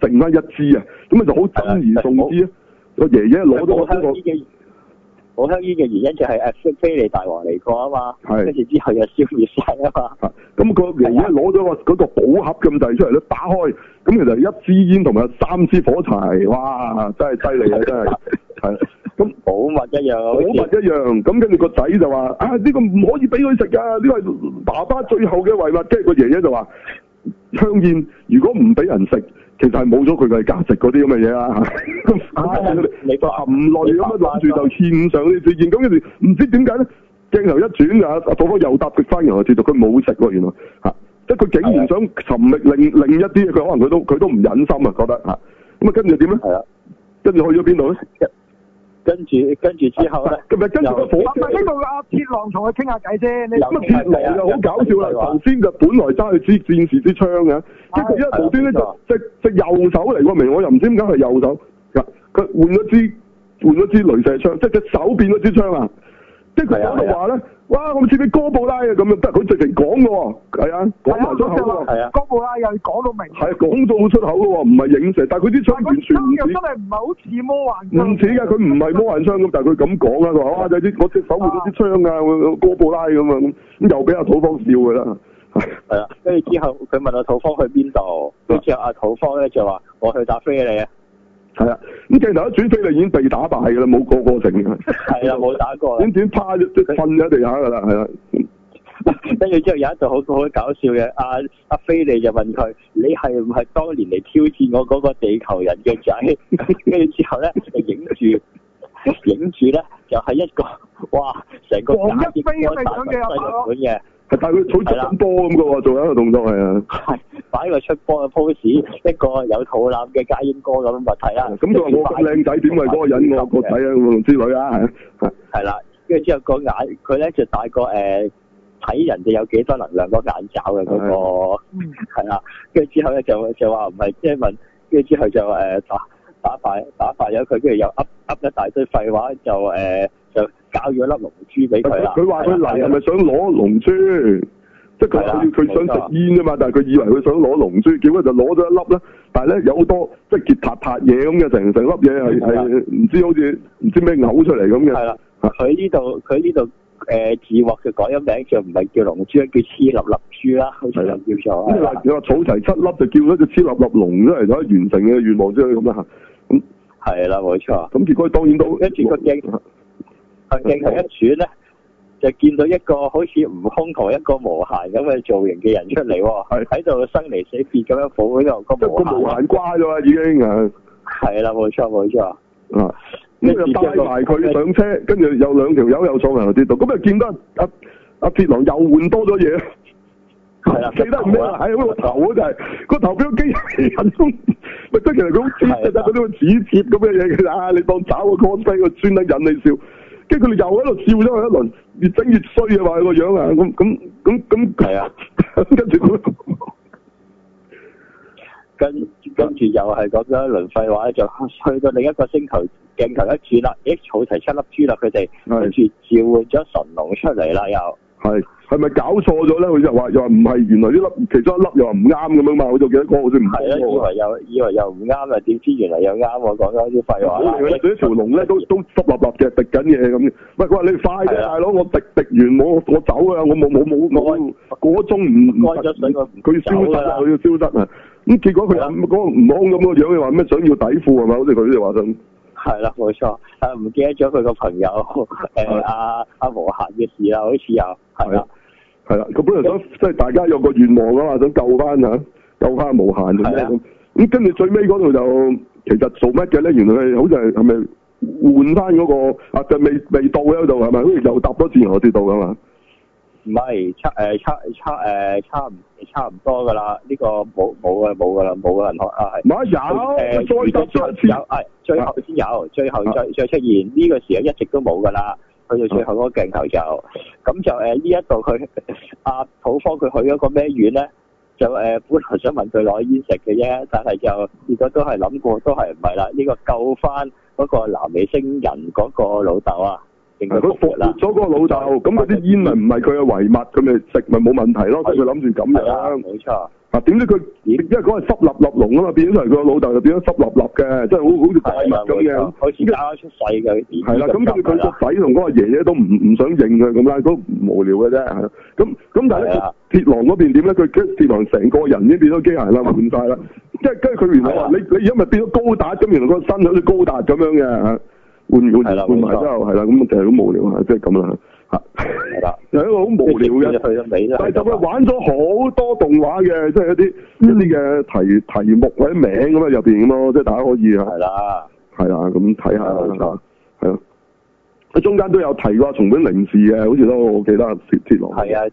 剩就剩翻一支啊，咁啊就好謙而送之啊，個、就是、爺爺攞咗呢個好香煙嘅原因就係菲利大王嚟過啊嘛，跟住之後又消滅晒啊嘛。咁個爺爺攞咗個嗰個寶盒咁遞出嚟咧，打開，咁其實一支煙同埋三支火柴，哇，真係犀利啊， [LAUGHS] 真係是。係，咁寶物一樣，寶物一樣。咁跟住個仔就話：啊，呢個唔可以俾佢食噶，呢個係爸爸最後嘅遺物。跟住個爺爺就話：香煙如果唔俾人食。其實係冇咗佢嘅價值嗰啲咁嘅嘢啦，咁啊，冧落嚟咁啊，諗住就獻上啲脫線，咁跟住唔知點解咧？鏡頭一轉寶寶啊，阿土方又搭極翻入嚟脫到，佢冇食喎原來，嚇！即係佢竟然想尋覓另另一啲嘢，佢可能佢都佢都唔忍心啊，覺得嚇。咁啊，跟住點咧？係啊，跟住去咗邊度咧？跟住，跟住之後咧，同、啊、咪跟住個火箭，唔係呢度鐵狼同佢傾下偈啫。咁鐵、啊、鐵狼好、啊、搞笑啦！頭先就本來揸住支戰士支槍嘅，跟、啊、住一路端咧就隻右手嚟個名，我又唔知點解係右手。佢佢換咗支換咗支雷射槍，即係隻手變咗支槍啊！即係佢講到話咧，哇！好似啲哥布拉啊咁樣，得佢直情講嘅喎，係啊，講埋出口喎，係啊，啊，啊、就是、啊，啊，哥布拉又講到明，係啊，講到出口嘅喎，唔係影射，但係佢啲槍完全唔似，真係唔係好似魔幻，唔似嘅，佢唔係魔幻槍咁，但係佢咁講啊，佢話哇！有啲我隻手換咗啲槍啊，哥布拉咁啊咁，咁又俾阿土方笑嘅啦，係啊，跟住之後佢問土 [LAUGHS] 後後阿土方去邊度，跟住阿土方咧就話我去打飛你啊。係啊，咁鏡頭一轉，飛就已經被打敗㗎啦，冇個過,過程嘅。係 [LAUGHS] 啊，冇打過。點點趴，瞓咗地下㗎啦，係啊，跟住之後有一度好好搞笑嘅，阿阿飛利就問佢：你係唔係當年嚟挑戰我嗰個地球人嘅仔？跟住之後咧，就影住，影住咧就係一個，哇！成個假啲嘅大細日本嘅。係，但佢好似波咁嘅喎，做一個動作係啊，係擺一個出波嘅 pose， [LAUGHS] 一個有肚腩嘅加煙哥咁啊睇啦。咁佢話我咁靚仔，點會嗰個人我個仔啊，我之類啊。係啦，跟住之後個眼，佢咧就戴個誒睇人哋有幾多能量嘅、那個、眼罩嘅嗰個，係啦。跟住之後咧就就話唔係即係問。跟住之後就誒、呃、打打打發咗佢，跟住又噏噏一大堆廢話就誒。呃搞咗粒龍珠俾佢，佢話佢嚟係咪想攞龍珠？即係佢佢想食煙啊嘛，但係佢以為佢想攞龍珠，結果就攞咗一粒啦。但係咧有好多即係結塔塔嘢咁嘅，成成粒嘢係係唔知好似唔知咩嘔出嚟咁嘅。係啦，佢呢度佢呢度誒字畫嘅改咗名是黏黏黏是是是是是，就唔係叫龍珠啦，叫黐粒粒珠啦，好似咁叫錯啦。咁你話草齊七粒就叫咗隻黐粒粒龍出嚟就可以完成嘅願望之類咁啊？咁係啦，冇錯。咁結果當然都一箭得鷹。向鏡頭一轉咧，就見到一個好似唔空同一個無限咁嘅造型嘅人出嚟，喺度生離死別咁樣抱呢個個無限瓜咗嘛，已經係啦，冇錯冇錯，啊，咁就帶埋佢上車，跟住有兩條友又坐喺度啲度，咁啊見到阿阿鐵狼又換多咗嘢，係啊，啊記得唔咩、就係、啊？係個頭就係個頭，表機人松，咪即係其實佢好貼嗰啲紙折咁嘅嘢嘅，你當找個江西個專登引你笑。跟住佢哋又喺度笑咗佢一輪，越整越衰啊！話佢個樣啊，咁咁咁咁。係啊，跟住咁，跟跟住又係講咗一輪廢話就去到另一個星球，鏡頭一轉啦，咦，湊齊七粒珠啦，佢哋跟住召喚咗神龍出嚟啦，又係。係咪搞錯咗咧？佢就話又話唔係，原來呢粒其中一粒又話唔啱咁樣嘛？我就記得個，好似唔係。以為又以為又唔啱啊？點知原來又啱，我講緊啲廢話。我哋嗰條龍咧都都濕立立嘅，滴緊嘢咁。喂，佢話你快啲，大佬！我滴滴完我我走啊！我冇冇冇冇嗰鐘唔佢消失啊！佢要消失啊！咁結果佢啊嗰個唔安咁個樣，佢話咩？想要底褲係嘛？好似佢哋話想。係啦，冇錯，誒唔記得咗佢個朋友誒阿阿無限嘅事啦，好似又係啦，係啦，佢本來想即係大家有個願望啊嘛，想救翻吓，救翻無限咁樣咁，跟住最尾嗰度就其實做乜嘅咧？原來係好似係係咪換翻嗰個啊？就未未到喺度係咪？好似又搭多次我跌到㗎嘛？唔係差誒差差誒差。呃差呃差差唔多㗎喇，呢、這個冇冇啊冇㗎喇冇㗎喇，唔可啊係。冇有誒，而家先有，係、呃、最後先有，最後再再、啊、出現。呢、這個時候一直都冇㗎喇，去到最後嗰個鏡頭就咁就誒呢一度佢阿土方佢去咗嗰個咩院咧？就誒、呃、本來想問佢攞煙食嘅啫，但係就結果都係諗過都係唔係啦。呢、這個救返嗰個南美星人嗰個老豆啊！佢服咗個老豆，咁嗰啲煙咪唔係佢嘅遺物，咁咪食咪冇問題咯。佢咪諗住咁樣。冇錯。嗱，點知佢，因為嗰個濕立立龍啊嘛，變咗佢個老豆就變咗濕立立嘅，即係好好似怪物咁樣。開始搞出世嘅。係啦，咁跟住佢個仔同嗰個爺爺都唔唔想認佢咁啦，都無聊嘅啫。咁咁但係咧，鐵狼嗰邊點咧？佢鐵狼成個人已經變咗機械啦，換晒啦。即係跟住佢原來話，你你而家咪變咗高達，咁原來個身好似高達咁樣嘅。半半之後係啦，咁就係好無聊啊，即係咁啦，嚇。係啦，又一個好無聊嘅。但係特別玩咗好多動畫嘅，即係一啲呢啲嘅題題目或者名咁啊，入邊咁咯，即係大家可以嚇。係啦，係啦，咁睇下啦，係啊，佢中間都有提過《松本零士》嘅，好似都我記得，鐵鐵狼。係啊。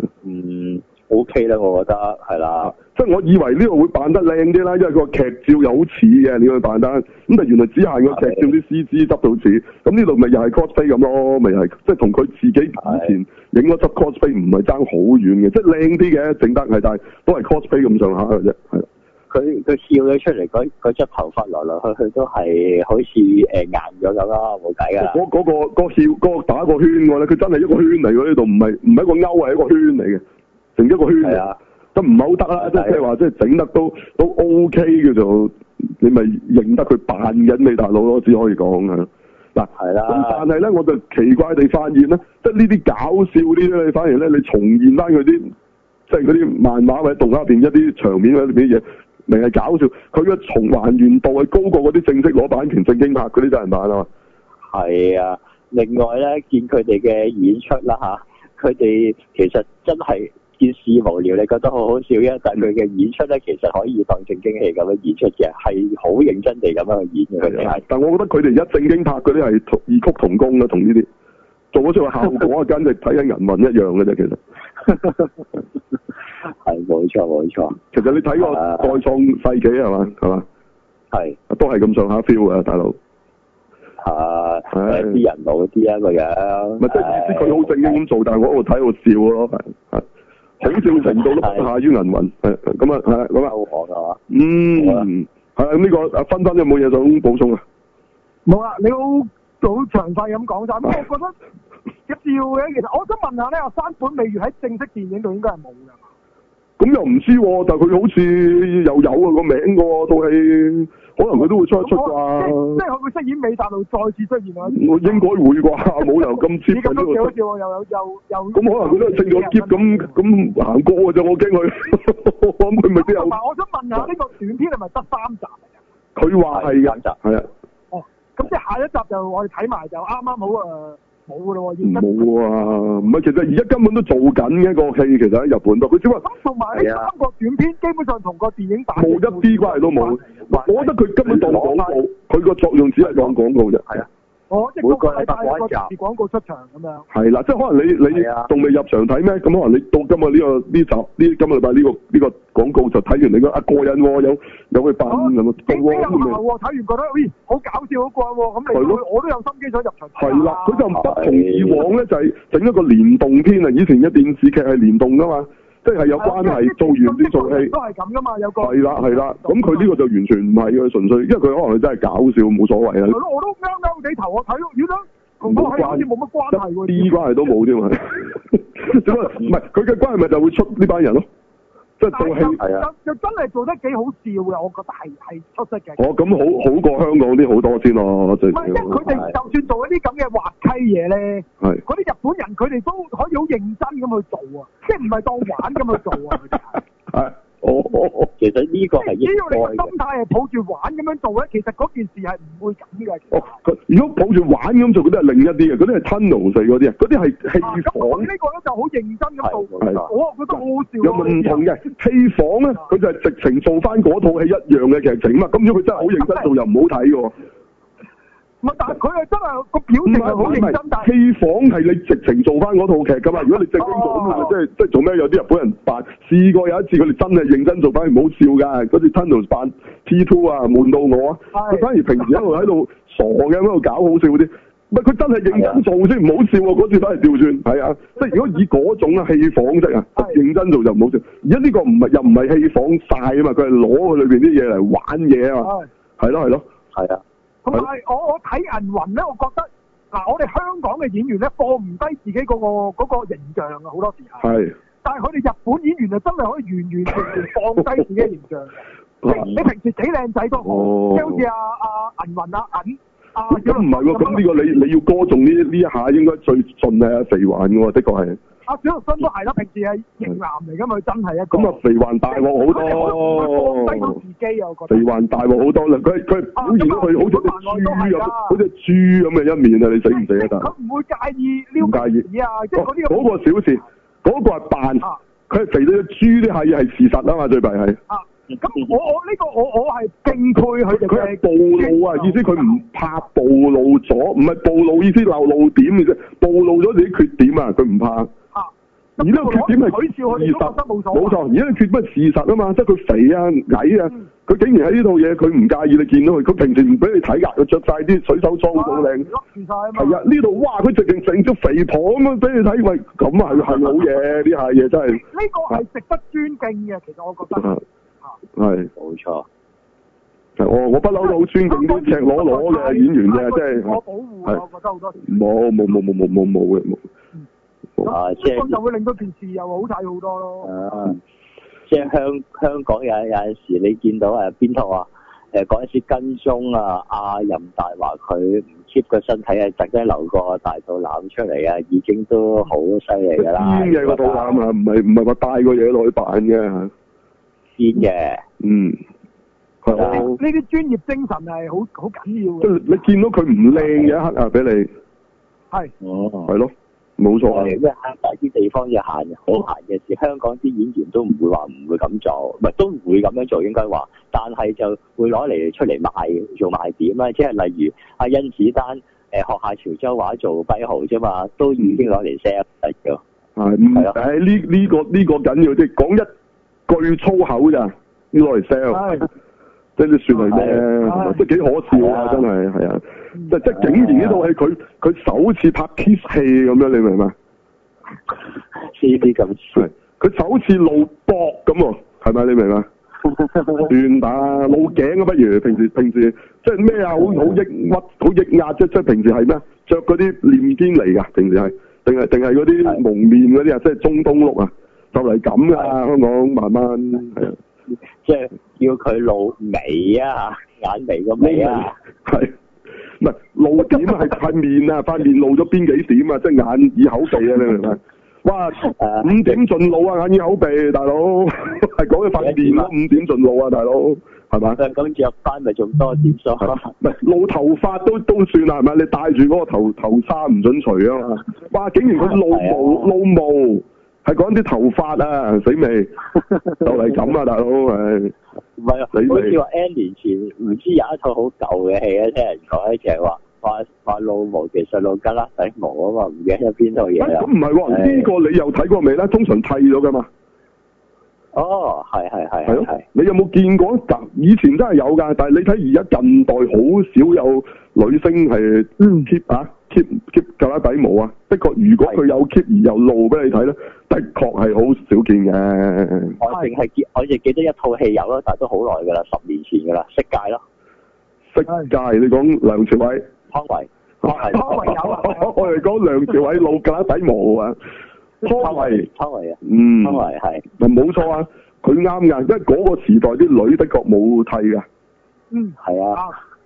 [LAUGHS] 嗯，O K 啦，我覺得係啦，即係我以為呢度會扮得靚啲啦，因為佢個劇照又好似嘅，點去扮得，咁但原來只係個劇照啲 C G 執到似，咁呢度咪又係 cosplay 咁咯，咪係，即係同佢自己以前影嗰執 cosplay 唔係爭好遠嘅，即係靚啲嘅，整得係，但係都係 cosplay 咁上下嘅啫，係。佢佢笑咗出嚟，佢佢隻頭髮來來去去都係好似誒、呃、硬咗咁咯，冇計㗎。嗰嗰、嗰個嗰個笑嗰、嗰個、打個圈㗎咧，佢真係一個圈嚟㗎呢度，唔係唔係一個勾，係一個圈嚟嘅，成一個圈。係啊，都唔係好得啦，即係話即係整得都都 O K 嘅就，你咪認得佢扮緊你大佬咯，只可以講嘅。嗱、啊，係啦、啊。咁但係咧，我就奇怪地發現咧，即係呢啲搞笑啲咧，反而咧你重現翻佢啲，即係嗰啲漫畫或者動畫入邊一啲場面或者啲嘢。明係搞笑，佢個重還原度係高過嗰啲正式攞版權正經拍嗰啲真人版啊！係啊，另外咧，見佢哋嘅演出啦嚇，佢哋其實真係見事無聊，你覺得好好笑。但係佢嘅演出咧，其實可以當正經戲咁樣的演出嘅，係好認真地咁樣去演嘅。係、啊，但係我覺得佢哋而家正經拍嗰啲係同異曲同工嘅，同呢啲。做咗出個效果啊， [LAUGHS] 簡直睇緊銀魂一樣嘅啫，其實係冇錯冇錯。其實你睇過再創世紀，係嘛係嘛？係、uh，都係咁上下 feel 啊，大佬。啊，啲人老啲啊，個人。唔咪，即係，佢好正經咁做，uh，但係我喺度睇度笑咯，係係好笑程度都不下於銀魂，咁 [LAUGHS] 啊，係咁啊。好講嘅嘛。嗯，係啊，咁呢、這個阿分分有冇嘢想補充啊？冇 [LAUGHS] 啊，你好。好詳細咁講曬，咁 [LAUGHS] 我覺得一笑嘅。其實我想問下咧，山本美月喺正式電影度應該係冇㗎嘛？咁又唔知喎、啊，但佢好似又有、那個名喎，到係可能佢都會出一出㗎、嗯。即係佢會飾演美達路再次出現啊！我應該會啩，冇由咁接咁樣好笑喎！又有又又咁可能佢都係趁咗咁咁行，行過㗎。啫 [LAUGHS] 怕他，我驚佢。我諗佢咪真有但我想問下，呢 [LAUGHS] 個短片係咪得三集？佢話係嘅，係啊。咁即係下一集就我哋睇埋就啱啱好、呃、啊，冇㗎咯喎，冇啊，唔係，其實而家根本都做緊嘅一個戲，其實喺日本度，佢只話咁。同埋呢三個短片基本上同個電影版冇一啲關係都冇，我覺得佢根本當廣告，佢個作用只係當廣告啫，係啊。我、哦、即係每一個禮拜廣告出場咁樣。係啦，即係可能你你仲未入場睇咩？咁可能你到今日呢、這個呢集呢今個禮拜呢個呢、這個這個廣告就睇完你嘅啊，啊過癮喎，有有佢百五咁啊。我睇完覺得，咦、哎，好搞笑，好怪喎！咁你們我我都有心機想入場睇係啦，佢、啊嗯、就不同以往咧，就係、是、整一個連動篇啊！以前嘅電視劇係連動噶嘛。即係有關係，嗯、做完啲做戲都係咁噶嘛，有個係啦係啦。咁佢呢個就完全唔係佢純粹因為佢可能真係搞笑冇所謂啊。我都啱啱你我都扭扭地頭，我睇到，原來同我係啲冇乜關係喎。啲、哎、關，關係都冇添嘛，點解唔係佢嘅關係咪就會出呢班人咯？即係啊！就就，就真係做得幾好笑嘅，我覺得係出色嘅。哦，咁好好過香港啲好多先咯，最，唔係，即係佢哋就算做一啲咁嘅滑稽嘢咧，嗰啲日本人佢哋都可以好認真咁去做啊，即係唔係當玩咁去做啊？佢 [LAUGHS] 哋哦哦哦，其實呢個係應該。只要你個心態係抱住玩咁樣做咧，其實嗰件事係唔會咁嘅。哦，佢如果抱住玩咁做，嗰啲係另一啲嘅，嗰啲係吞勞死嗰啲啊，嗰啲係戲房。咁我呢個咧就好認真咁做，我覺得好好笑。有冇唔同嘅戲房咧？佢就係直情做翻嗰套戲一樣嘅劇情啊嘛！咁如果佢真係好認真做，又唔好睇喎。但係佢係真係個表情係好認真，唔係，唔係但係戲仿係你直情做翻嗰套劇噶嘛。 [LAUGHS] 如果你正經做，咁即係即係做咩？有啲日本人扮試過有一次，佢哋真係認真做翻，唔好笑㗎。嗰次 Tunnel 扮 T Two 啊，悶到我啊。佢 [LAUGHS] 反而平時一路喺度傻嘅，喺度搞好笑嗰啲。唔係佢真係認真做 [LAUGHS] 先唔好笑喎。嗰次真係調轉，係啊。即 [LAUGHS] 係如果以嗰種戲仿式，式啊，認真做就唔好笑。而家呢個唔係又唔係戲仿晒啊嘛。佢係攞佢裏邊啲嘢嚟玩嘢啊嘛。係咯，係咯，係啊。 [LAUGHS] 但係我我睇銀魂咧，我覺得嗱、啊，我哋香港嘅演員咧，放唔低自己嗰、嗰個嗰個形象啊，好多時啊。係。但係佢哋日本演員就真係可以完完全全放低自己嘅形象，啊。 [LAUGHS] 平 [LAUGHS] 你平時幾靚仔都好，即好似阿阿銀魂啊銀。啊！咁唔係喎，咁呢個你你要歌頌呢呢一下應該最盡啊肥玩嘅喎，的確係。阿、啊、小學生都係咯，平時係型男嚟噶嘛，佢真係啊。咁啊，肥環大鑊好多。我自己啊，我覺得。肥環大鑊好多啦，佢佢表現得佢好似隻豬，好似隻豬咁嘅一面啊！你死唔死得？佢唔會介意呢個嘢啊！嗰、啊就是嗰個小事，嗰、嗰個係扮。佢、啊、係肥到隻豬，啲係係事實啊嘛，最弊係。咁我我呢、呢個我我係敬佩佢嘅。佢係暴露啊！意思佢唔怕暴露咗，唔係暴露意思漏露點嘅啫，暴露咗自己缺點啊！佢唔怕。而家個缺點係事實，冇錯。而家個缺點係事實啊嘛，即係佢肥啊矮啊，佢、嗯、竟然喺呢套嘢，佢唔介意你見到佢。佢平時唔俾你睇㗎，佢着晒啲水手裝好靚。係啊，呢度、啊、哇，佢直情成隻肥婆咁樣俾你睇，喂，咁係係好嘢，呢下嘢真係。呢個係值得尊敬嘅，其實我覺得。係、啊。冇、哎、錯。啊、我我不嬲都好尊敬啲、啊那個、赤裸裸嘅演員嘅，即係。我保護、啊、我覺得好多。冇冇冇冇冇冇冇嘅冇。沒沒沒沒沒沒沒啊，咁就會令到件事又好睇好多咯。啊，即係香香港有有陣時你見到誒邊套啊，誒講起跟蹤啊，阿任大話佢唔 keep 個身體啊，陣間留個大肚腩出嚟啊，已經都好犀利㗎啦。專業個肚腩啊，唔係唔係話大個嘢來扮嘅。真嘅。嗯。係啊。呢啲專業精神係好好緊要。即係你見到佢唔靚嘅一刻啊，俾你。係。哦。係咯。冇錯啊！因為大啲地方嘅行好行嘅事，香港啲演員都唔會話唔會咁做，唔係都唔會咁樣做，樣做應該話。但係就會攞嚟出嚟賣做賣點啦，即係例如阿甄子丹學下潮州話做跛豪啫嘛，都已經攞嚟 sell 係，唔係呢？呢、啊啊哎呢個呢、呢個緊要啲，講、就是、一句粗口咋？要攞嚟 sell，即係算係咩？即、哎、幾可笑、哎、呀啊！真係係啊！ [MUSIC] 即係竟然呢套戲，佢佢首次拍 kiss 戲咁 [LAUGHS] 經病 [LAUGHS] 樣，你明嘛？呢啲咁，佢首次露膊咁喎，係咪你明啊？亂打露頸嘅不如平時平時，即係咩啊？好好抑鬱，好抑壓，即即係平時係咩？着嗰啲念肩嚟噶，平時係定係定係嗰啲蒙面嗰啲啊？即係中東碌啊，就嚟咁噶啦！香港慢慢，是即係要佢露眉啊，眼眉個眉啊，係。 [MUSIC] 唔係露點係塊面啊！塊面 [LAUGHS] 露咗邊幾點啊？即係眼耳、耳、口、鼻啊！你明唔明？哇！Uh, 五點盡露啊！眼、耳、口、鼻，大佬係講佢塊面啊！五點盡露啊！大佬係嘛？咁着翻咪仲多點咗？唔係、嗯、 [LAUGHS] 露頭髮都都算啊？係咪？你戴住嗰個頭頭紗唔准除啊嘛？Uh, 哇！竟然佢露毛露毛。 [LAUGHS] 露毛露毛係講啲頭髮啊，死未？ [LAUGHS] 就係咁啊，大佬誒，唔係、啊、好似話 N 年前，唔知有一套好舊嘅戲，聽人講咧就係話發發老毛，其實老吉甩毛啊嘛，唔記得邊套嘢咁唔係，呢、欸啊這個你又睇過未咧？通常剃咗噶嘛。哦，係係係係。你有冇見過？以前真係有噶，但係你睇而家近代好少有女星係穿貼啊。嗯 keep keep 架底毛啊，的確如果佢有 keep 而又露俾你睇咧，的確係好少見嘅。我淨係記，我淨記得一套戲有啦，但係都好耐㗎啦，十年前㗎啦，色戒咯。色戒你講梁朝偉，湯唯。係。湯 [LAUGHS] 唯有啊，我哋講梁朝偉露架一底毛啊。湯唯湯唯啊。嗯。湯唯係。冇錯啊，佢啱㗎，因為嗰個時代啲女的確冇剃㗎。嗯，係啊。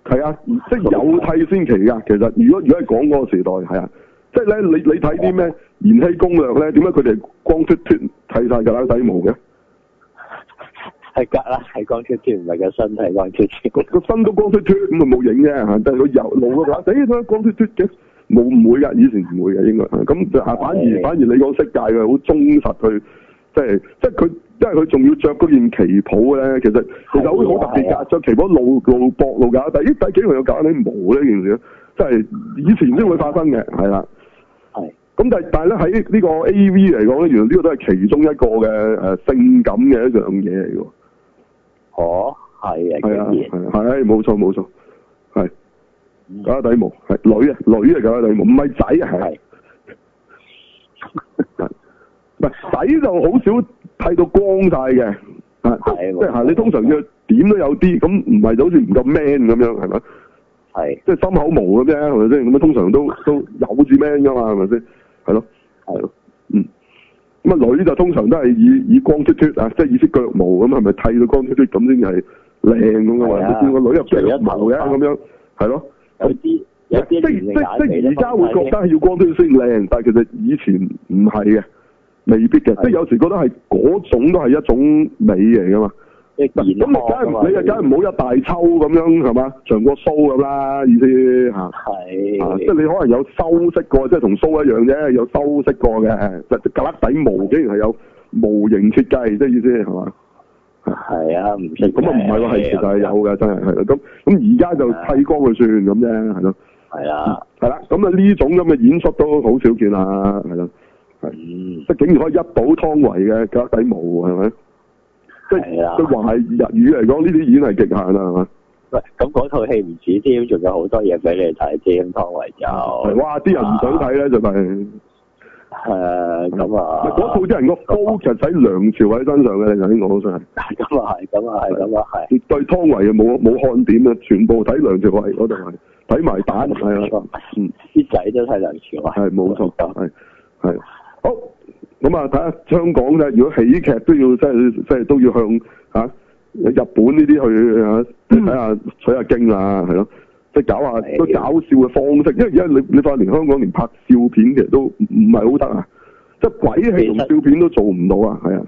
係啊，即係有剃先奇噶。其實如，如果如果講嗰個時代，係啊，即係咧，你你睇啲咩延禧攻略咧？點解佢哋光脫脫剃晒個乸仔毛嘅？係㗎啦，係光脫脫，唔係個身剃光脫脫，個 [LAUGHS] 身都光脫脫咁啊，冇影啫嚇，即係佢油露個乸仔都光脫脫嘅，冇唔會噶，以前唔會嘅應該。咁啊反而反而你講色戒，佢係好忠實，佢即係即係佢。他就是他即係佢仲要着嗰件旗袍咧，其實其實好好特別噶，着旗袍露露膊，露，露架，但咦第幾輪又搞啲毛呢件事咧，即係以前都會發生嘅，係啦。係。咁但係但係咧喺呢個 A V 嚟講咧，原來呢個都係其中一個嘅誒、呃、性感嘅一樣嘢嚟嘅。哦，係啊。係啊，係冇錯冇錯，係搞底毛係女啊，女嚟搞底毛，唔係仔啊，係。唔係仔就好少。剃到光晒嘅，啊，即係你通常要點都有啲，咁唔係就好似唔夠 man 咁樣，係咪？係，即係心口毛咁啫，係咪先？咁啊，通常都都有好似 man 噶嘛，係咪先？係咯，係咯，嗯。咁啊，女就通常都係以以光脫脫啊，即係以啲腳毛咁，係咪剃到光脫脫咁先係靚咁嘅嘛？你見個女有腳毛嘅咁樣，係咯？有啲有啲即即即而家會覺得係要光脫脫先靚，但係其實以前唔係嘅。未必嘅，即係有時候覺得係嗰種都係一種美嚟噶嘛。咁你梗係，你啊梗係唔好一大抽咁樣係嘛，像個須咁啦意思嚇。係、啊，即係你可能有修飾過，即係同須一樣啫，有修飾過嘅，就格底模，毛竟然係有模型設計，即係意思係嘛？係啊，唔錯。咁啊唔係話，係其實係有嘅，真係係咯。咁咁而家就剃光佢算咁啫，係咯。係啊。係啦，咁啊呢種咁嘅演出都好少見啦，係咯。係，即竟然可以一保湯唯嘅，腳底毛，係咪、啊？即係佢話係日語嚟講呢啲已經係極限啦，係咪？咁嗰套戲唔止添，仲有好多嘢俾你睇添，湯唯就哇啲人唔想睇啦、啊，就咪係咁啊！嗰套啲人個煲其實喺梁朝偉身上嘅、啊，你頭先講到係。咁啊係，咁啊係，咁對湯唯啊，冇冇、啊啊啊啊啊啊啊啊、看點啊，全部睇梁朝偉嗰度睇埋蛋，係啲仔都係梁朝偉，係冇錯，係係、啊。好，咁啊，睇下香港呢，如果喜劇都要，即係即係都要向嚇、啊、日本呢啲去睇、嗯啊、下取下經啦，係咯，即係搞下都搞笑嘅方式。因為而家你你發現香港連拍笑片其實都唔係好得啊，即、就、係、是、鬼戲笑片都做唔到啊，係啊。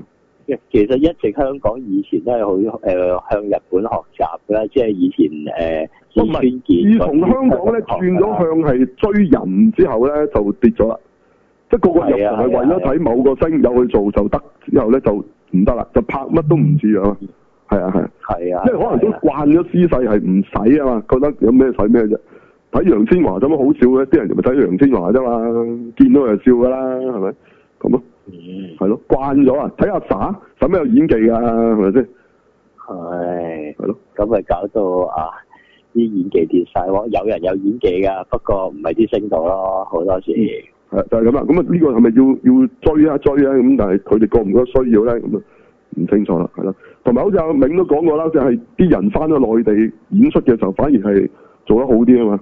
其實一直香港以前都係好、呃、向日本學習啦，即、就、係、是、以前誒、呃。自從香港咧轉咗向係追人之後咧，就跌咗啦。即係個個人行係為咗睇某個星、啊啊啊、有去做就得，之後咧就唔得啦，就拍乜都唔似樣啊，係啊係、啊啊啊，因為可能都慣咗姿勢係唔使啊嘛，覺得有咩使咩啫。睇楊千嬅咁樣好笑嘅，啲人咪睇楊千嬅啫嘛，見到佢就笑噶啦，係咪？咁咯，係、嗯、咯，慣咗啊！睇阿啥，使咩有演技㗎、啊？係咪先？係。係咯、啊，咁咪搞到啊啲演技跌晒。有人有演技噶，不過唔係啲星度咯，好多時。嗯就係咁啦，咁啊呢個係咪要要追啊追咧、啊？咁但係佢哋覺唔覺得需要咧？咁啊唔清楚啦，係啦。同埋好似阿銘都講過啦，就係、是、啲人翻咗內地演出嘅時候，反而係做得好啲啊嘛。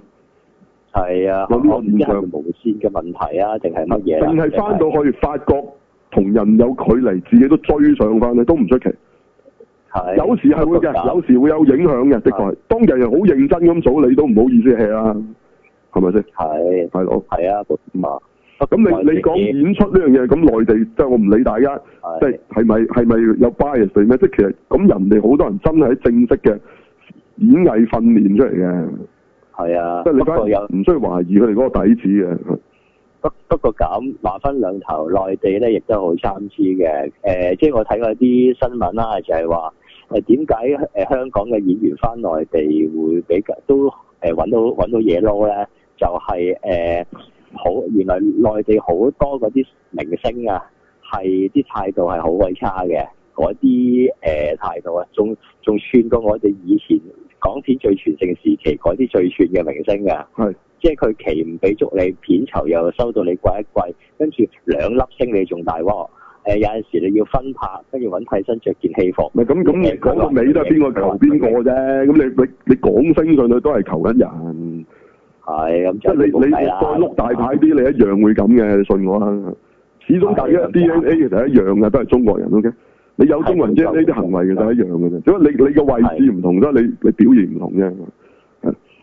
係啊，有啲現場無線嘅問題啊，定係乜嘢？定係翻到去發覺同人有距離，自己都追上翻咧，都唔出奇。係。有時係會嘅，有時會有影響嘅，的確係。當人人好認真咁做你，你都唔好意思 hea 啦，係咪先？係係咯。係啊，嘛。是咁你你講演出呢樣嘢，咁內地，即係我唔理大家，即係係咪係咪有 bias 咩？即係其實咁，人哋好多人真係喺正式嘅演藝訓練出嚟嘅。係啊，不過又唔需要懷疑佢哋嗰個底子嘅。不過不，不過咁話分兩頭，內地咧亦都好參差嘅。誒，即係我睇過一啲新聞啦，就係話誒，點解誒香港嘅演員翻內地會比較都誒搵到搵到嘢撈咧？就係、是、誒。呃好，原來內地好多嗰啲明星啊，係啲態度係好鬼差嘅，嗰啲誒態度啊，仲仲串過我哋以前港片最全盛時期嗰啲最串嘅明星㗎、啊。即係佢期唔俾足你片酬，又收到你貴一貴，跟住兩粒星，你仲大鑊。有陣時你要分拍，跟住揾替身著件戲服。咁、嗯、咁、嗯嗯、講到尾都係邊個求邊個啫？咁你你你講聲上去都係求緊人。係即係你你再碌大牌啲，啊，你一樣會咁嘅，你信我啦，始終第一 DNA 其實一樣嘅，都係中國人，O K。Okay? 你有中文啫，呢啲行為其實一樣嘅啫，只不過你你嘅位置唔同啫，你你表現唔同啫。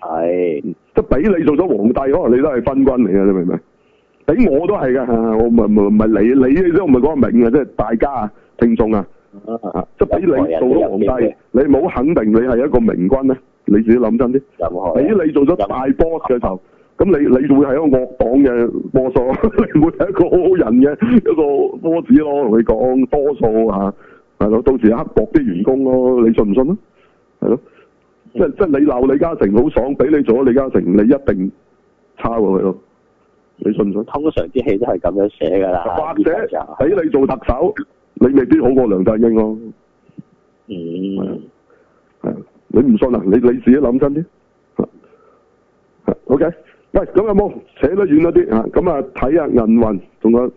係即係俾你做咗皇帝，可能你都係昏君嚟嘅，你明唔明？俾我都係噶，我唔唔唔係你你都唔係講名嘅，即、就、係、是、大家聽眾啊聽眾啊，即係俾你做咗皇帝，你冇肯定你係一個明君啊。你自己諗真啲，俾你，你做咗大 boss 嘅時候，咁你你會係一個惡黨嘅，多數你會係一個好好人嘅一個波子咯。同你講多數嚇，係咯，到時刻薄啲員工咯，你信唔信啊？係咯、嗯，即即你鬧李嘉誠好爽，俾你做咗李嘉誠，你一定抄過佢咯。你信唔信、嗯？通常啲戲都係咁樣寫㗎啦。或者喺你做特首，你未必好過梁振英咯。嗯，係。你唔信啊？你自己諗真啲。OK，喂，咁有冇扯得遠咗啲嚇，咁啊睇下銀魂，仲有